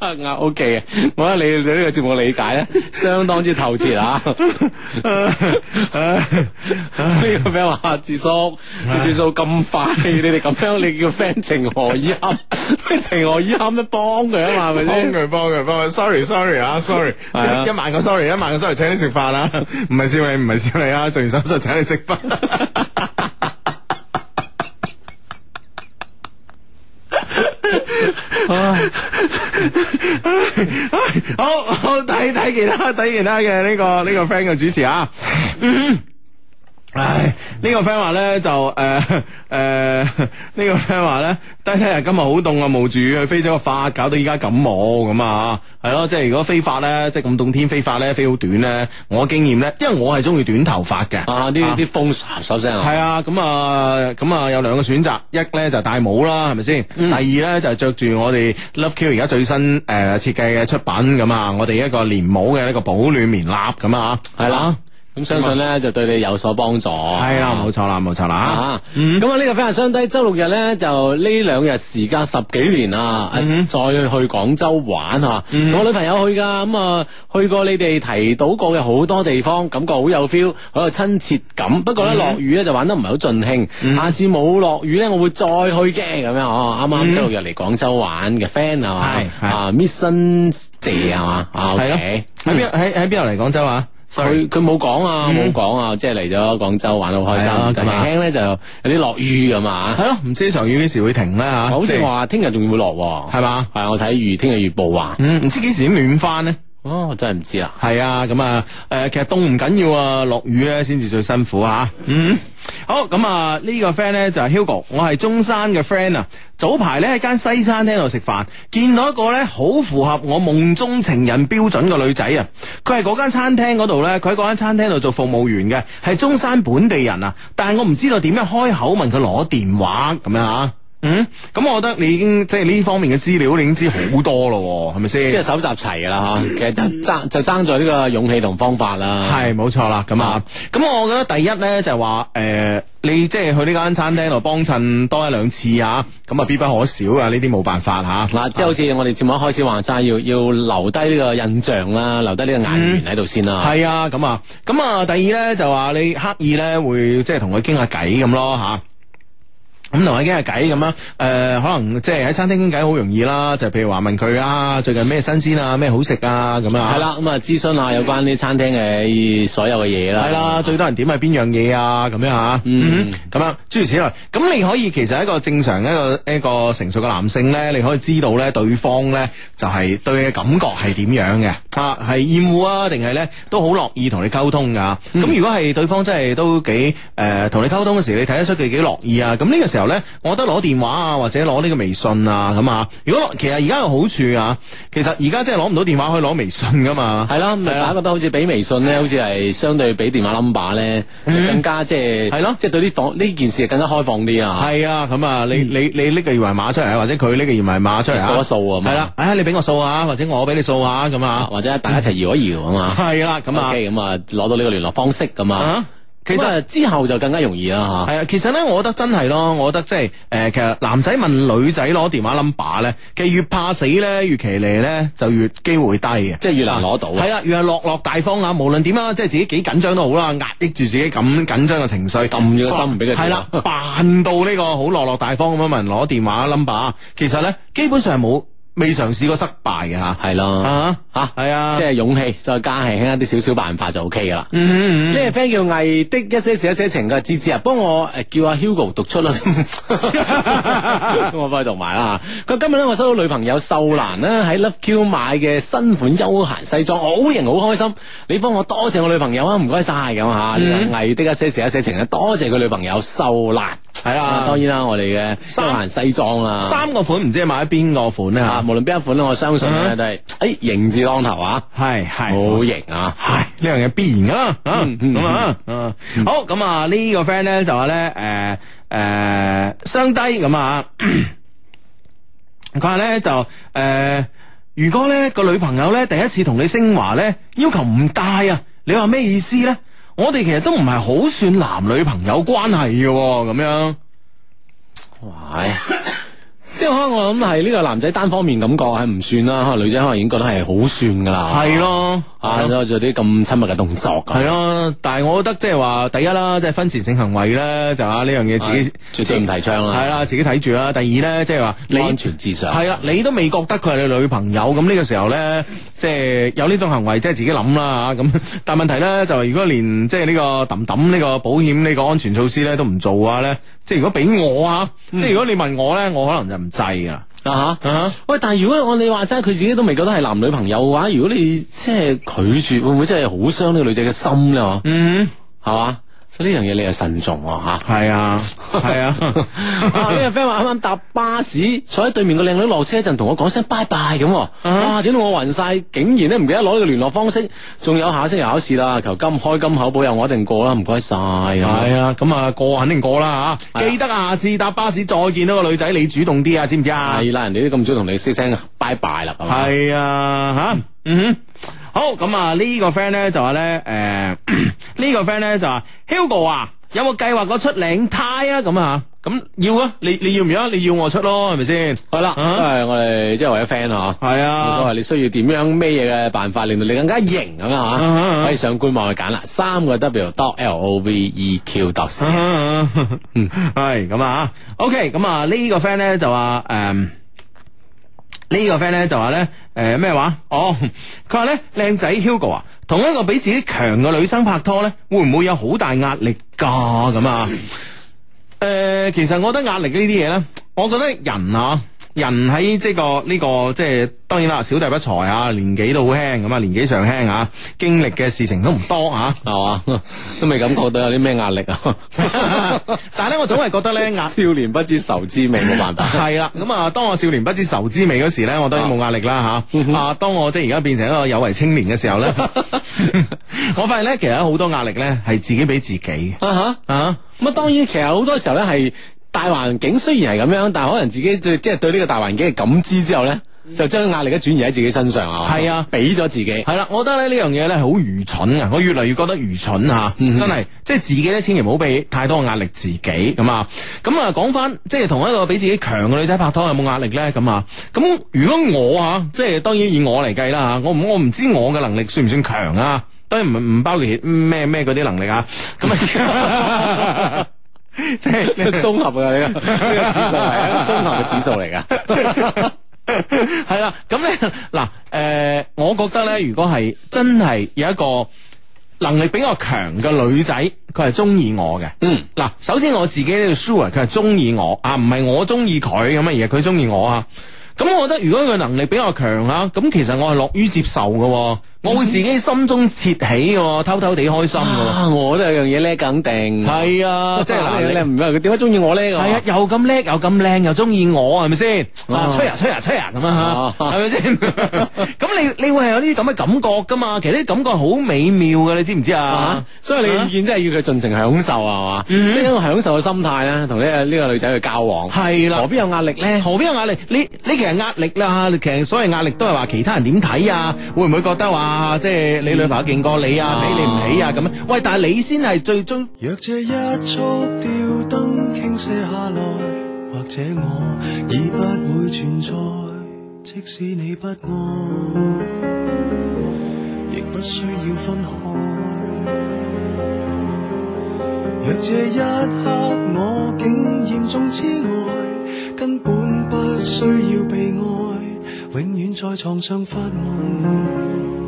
啊，OK 嘅，我覺得你對呢個節目嘅理解咧，相當之透徹啊！呢個 friend 話，住宿，住宿咁快，你哋咁樣，你叫 friend 情何以堪？情何以堪？咩幫佢啊？係咪先？佢，幫佢，幫佢 Sorry，Sorry 啊，Sorry，一萬個 Sorry，一萬個 Sorry，請你食飯。唔係、 啊、笑你，唔係笑你啊！做完手術請你食飯 唉。 好好睇睇其他睇其他嘅呢、這個呢、這個 friend 嘅主持啊。哈哈嘆嗯唉，呢個、呢、呃呃呢個 friend 話咧就誒誒，呢個 friend 話咧，低低啊，今日好凍啊，無住去飛咗個髮，搞到依家感冒咁啊，係咯，即係如果飛髮咧，即係咁凍天飛髮咧，飛好短咧，我經驗咧，因為我係中意短頭髮嘅啊，啲啲、啊、風收聲啊，係啊，咁啊，咁啊有兩個選擇，一咧就是、戴帽啦，係咪先？嗯、第二咧就是、着住我哋 Love Q 而家最新誒、呃、設計嘅出品咁啊，我哋一個連帽嘅一個保暖棉笠咁啊，係啦。咁相信咧就對你有所幫助。係啦，冇錯啦，冇錯啦吓。咁啊，呢個非常相低，周六日咧就呢兩日時間十幾年啊，再去廣州玩吓。同我女朋友去噶，咁啊去過你哋提到過嘅好多地方，感覺好有 feel，好有親切感。不過咧落雨咧就玩得唔係好盡興。下次冇落雨咧我會再去嘅。咁樣哦，啱啱周六日嚟廣州玩嘅 friend 係嘛，啊，Miss 生謝係嘛，係咯。喺邊喺喺邊度嚟廣州啊？佢佢冇講啊，冇講、嗯、啊，即係嚟咗廣州玩得好開心。但係、嗯、聽咧就有啲落雨咁啊，係咯，唔知場雨幾時會停咧、啊、吓。好似話聽日仲會落係嘛？係啊，我睇預聽日預報話。雨雨嗯，唔知幾時先暖翻呢。哦，我真係唔知啊，係啊，咁啊，誒，其實凍唔緊要啊，落雨咧先至最辛苦吓。嗯，好，咁、嗯、啊，呢、呢個 friend 呢，就係 Hugo，我係中山嘅 friend 啊。早排呢，喺間西餐廳度食飯，見到一個呢好符合我夢中情人標準嘅女仔啊。佢係嗰間餐廳嗰度呢，佢喺嗰間餐廳度做服務員嘅，係中山本地人啊。但係我唔知道點樣開口問佢攞電話咁樣啊。嗯，咁我覺得你已經即係呢方面嘅資料，你已經知好多咯，係咪先？即係搜集齊啦吓，其實就爭就爭在呢個勇氣同方法啦。係，冇錯啦。咁、嗯、啊，咁、嗯、我覺得第一咧就話、是，誒、呃，你即係去呢間餐廳度幫襯多一兩次啊，咁啊必不可少啊，呢啲冇辦法吓。嗱、啊，即係好似我哋節目一開始話齋，要要留低呢個印象啦，留低呢個眼緣喺度先啦。係、嗯、啊，咁、嗯、啊，咁、嗯、啊、嗯嗯，第二咧就話你刻意咧會即係同佢傾下偈咁咯吓。嗯嗯咁同佢傾下偈咁樣，誒、嗯，可能即係喺餐廳傾偈好容易啦，就譬如話問佢啊，最近咩新鮮啊，咩好食啊，咁樣，係啦，咁啊，諮詢下有關啲餐廳嘅所有嘅嘢啦。係啦，嗯、最多人點係邊樣嘢啊？咁樣吓，嗯、咁樣諸如此類。咁你可以其實一個正常一個一個成熟嘅男性咧，你可以知道咧對方咧就係對你嘅感覺係點樣嘅吓，係厭惡啊，定係咧都好樂意同你溝通噶。咁、嗯、如果係對方真係都幾誒同、呃、你溝通嘅時候，你睇得出佢幾樂意啊。咁呢個由咧，我覺得攞電話啊，或者攞呢個微信啊，咁啊。如果其實而家有好處啊，其實而家真係攞唔到電話，可以攞微信噶嘛。係啦，大家覺得好似俾微信咧，好似係相對俾電話 number 咧，就更加即係係咯，即係對啲放呢件事更加開放啲啊。係啊，咁啊，你你你搦個二維碼出嚟或者佢搦個二維碼出嚟掃一掃啊。係啦，唉，你俾我掃下，或者我俾你掃下咁啊，或者大家一齊搖一搖啊嘛。係啦，咁啊，咁啊，攞到呢個聯絡方式咁啊。其實之後就更加容易啦，吓。係啊，其實咧，我覺得真係咯，我覺得即係誒，其實男仔問女仔攞電話 number 咧，其實越怕死咧，越騎呢咧，就越機會低嘅，即係越難攞到。係啦，越係落落大方啊，無論點樣，即係自己幾緊張都好啦，壓抑住自己咁緊張嘅情緒，撳住個心唔俾佢係啦，扮的 到呢個好落落大方咁樣問人攞電話 number，其實咧 基本上係冇。未嘗試過失敗嘅吓，係咯，吓係啊，即係、啊、勇氣，再加係啲少少辦法就 OK 噶啦。呢個 friend 叫魏的一些事一些情嘅志志啊，幫我誒叫阿 Hugo 讀出啦， 我幫你讀埋啦。佢 今日咧，我收到女朋友秀蘭咧喺 LoveQ 買嘅新款休閒西裝，我好型，好開，開心。你幫我多謝我女朋友啊，唔該晒咁吓。魏的一些事一些情啊，多謝佢女朋友秀蘭。係啊，當然啦，我哋嘅三件西裝啦，啊，三個款唔知買邊個款啊，啊，無論邊一款咧，我相信咧都係，誒、uh huh. 欸，型字當頭啊，係係好型啊，係呢樣嘢必然啊。咁 啊，啊 好，咁啊呢個 friend 咧就話咧，誒、呃、誒，雙、呃、低咁啊，佢話咧就，誒、呃，如果咧個女朋友咧第一次同你升華咧，要求唔大啊，你話咩意思咧？我哋其實都唔係好算男女朋友關係嘅喎，咁樣，哇！ 即係可能我諗係呢個男仔單方面感覺係唔算啦，可能女仔可能已經覺得係好算噶啦，係咯。啊，做啲咁親密嘅動作咁。係咯，但係我覺得即係話，第一啦，即係婚前性行為咧，就啊呢樣嘢自己絕對唔提倡啦。係啦，自己睇住啦。第二咧，即係話你安全至上。係啦、啊，你都未覺得佢係你女朋友，咁呢、嗯、個時候咧，即、就、係、是、有呢種行為，即、就、係、是、自己諗啦吓。咁、啊、但係問題咧，就是、如果連即係呢個抌抌呢個保險呢、這個安全措施咧都唔做嘅話咧，即係如果俾我啊，即係如果你問我咧，嗯、我可能就唔制啊。啊吓，啊、uh！Huh. Uh huh. 喂，但係如果按你話齋，佢自己都未覺得係男女朋友嘅話，如果你即係拒絕，會唔會真係好傷呢個女仔嘅心咧？嗬、uh，嗯、huh.，係嘛。呢樣嘢你就慎重吓，係啊係啊！呢個 friend 話啱啱搭巴士，坐喺對面個靚女落車一陣，同我講聲拜拜咁，啊,啊,啊整到我暈晒，竟然都唔記得攞呢個聯絡方式，仲有下星期考試啦，求金開金口保佑我一定過啦，唔該晒。係啊，咁啊,、嗯、啊過肯定過啦吓，啊啊、記得下次搭巴士再見到個女仔，你主動啲啊，知唔知啊？係啦，人哋都咁早同你 say 聲拜拜啦，係啊吓，嗯。好咁啊！呢個 friend 咧就話咧，誒、呃，呢、這個 friend 咧就話，Hugo 啊，有冇計劃過出領呔啊？咁啊，咁要啊，你你要唔要啊？你要我出咯，係咪先？係啦，誒，我哋即係為咗 friend、uh huh. 啊，係啊，冇所謂。你需要點樣咩嘢嘅辦法，令到你更加型咁啊？Uh huh. 可以上官網去揀啦，三個 W dot L O V E Q dot C，係咁啊，OK。咁、huh. 啊，呢、okay, 個 friend 咧就話，誒、呃。個呢個 friend 咧就話咧，誒、呃、咩話？哦，佢話咧，靚 仔 Hugo 啊，同一個比自己強嘅女生拍拖咧，會唔會有好大壓力㗎？咁啊？誒、呃，其實我覺得壓力呢啲嘢咧，我覺得人啊。人喺即、這個呢、這個即係當然啦，小弟不才啊，年紀都好輕咁啊，年紀尚輕啊，經歷嘅事情都唔多啊，係嘛？都未感覺到有啲咩壓力啊。但係咧，我總係覺得咧， 少年不知愁滋味，冇 辦法。係啦，咁啊，當我少年不知愁滋味嗰時咧，我當然冇壓力啦吓。 啊，當我即係而家變成一個有為青年嘅時候咧， 我發現咧，其實好多壓力咧係自己俾自己 啊，咁啊，當然，其實好多時候咧係。大環境雖然係咁樣，但係可能自己即係對呢個大環境嘅感知之後呢，嗯、就將壓力咧轉移喺自己身上啊。係啊，俾咗自己。係啦、啊，我覺得咧呢樣嘢呢好愚蠢啊！我越嚟越覺得愚蠢啊。嗯、哼真係即係自己呢，千祈唔好俾太多壓力自己咁啊。咁啊，講翻即係同一個比自己強嘅女仔拍拖，有冇壓力呢？咁啊，咁、啊啊、如果我啊，即係當然以我嚟計啦，我我唔知我嘅能力算唔算強啊？當然唔唔包括咩咩嗰啲能力啊。咁啊。 即係綜 合啊，你 個指數係一個綜合嘅指數嚟㗎，係 啦。 咁咧，嗱，誒、呃，我覺得咧，如果係真係有一個能力比較強嘅女仔，佢係中意我嘅。嗯，嗱，首先我自己呢個 sure，佢係中意我啊，唔係我中意佢咁啊，而係佢中意我啊。咁我覺得如果佢能力比較強啊，咁其實我係樂於接受嘅。我會自己心中竊喜嘅，偷偷地開心嘅。我都有樣嘢叻緊定。係啊，即係嗱，你叻唔叻？佢點解中意我叻？係啊，又咁叻，又咁靚，又中意我，係咪先？啊，吹啊吹啊吹啊咁樣吓，係咪先？咁你你會係有呢啲咁嘅感覺噶嘛？其實啲感覺好美妙嘅，你知唔知啊？所以你意見真係要佢盡情享受啊，係嘛？即係一個享受嘅心態啦，同呢個呢個女仔去交往。係啦，何必有壓力咧？何必有壓力？你你其實壓力啦吓，其實所謂壓力都係話其他人點睇啊？會唔會覺得話？啊！即係你女朋友勁過、嗯、你啊，你理唔起啊咁樣。喂，但係你先係最終。若這一束吊燈傾瀉下來，或者我已不會存在，即使你不愛，亦不需要分開。若這一刻我竟嚴重痴呆，根本不需要被愛，永遠在床上發夢。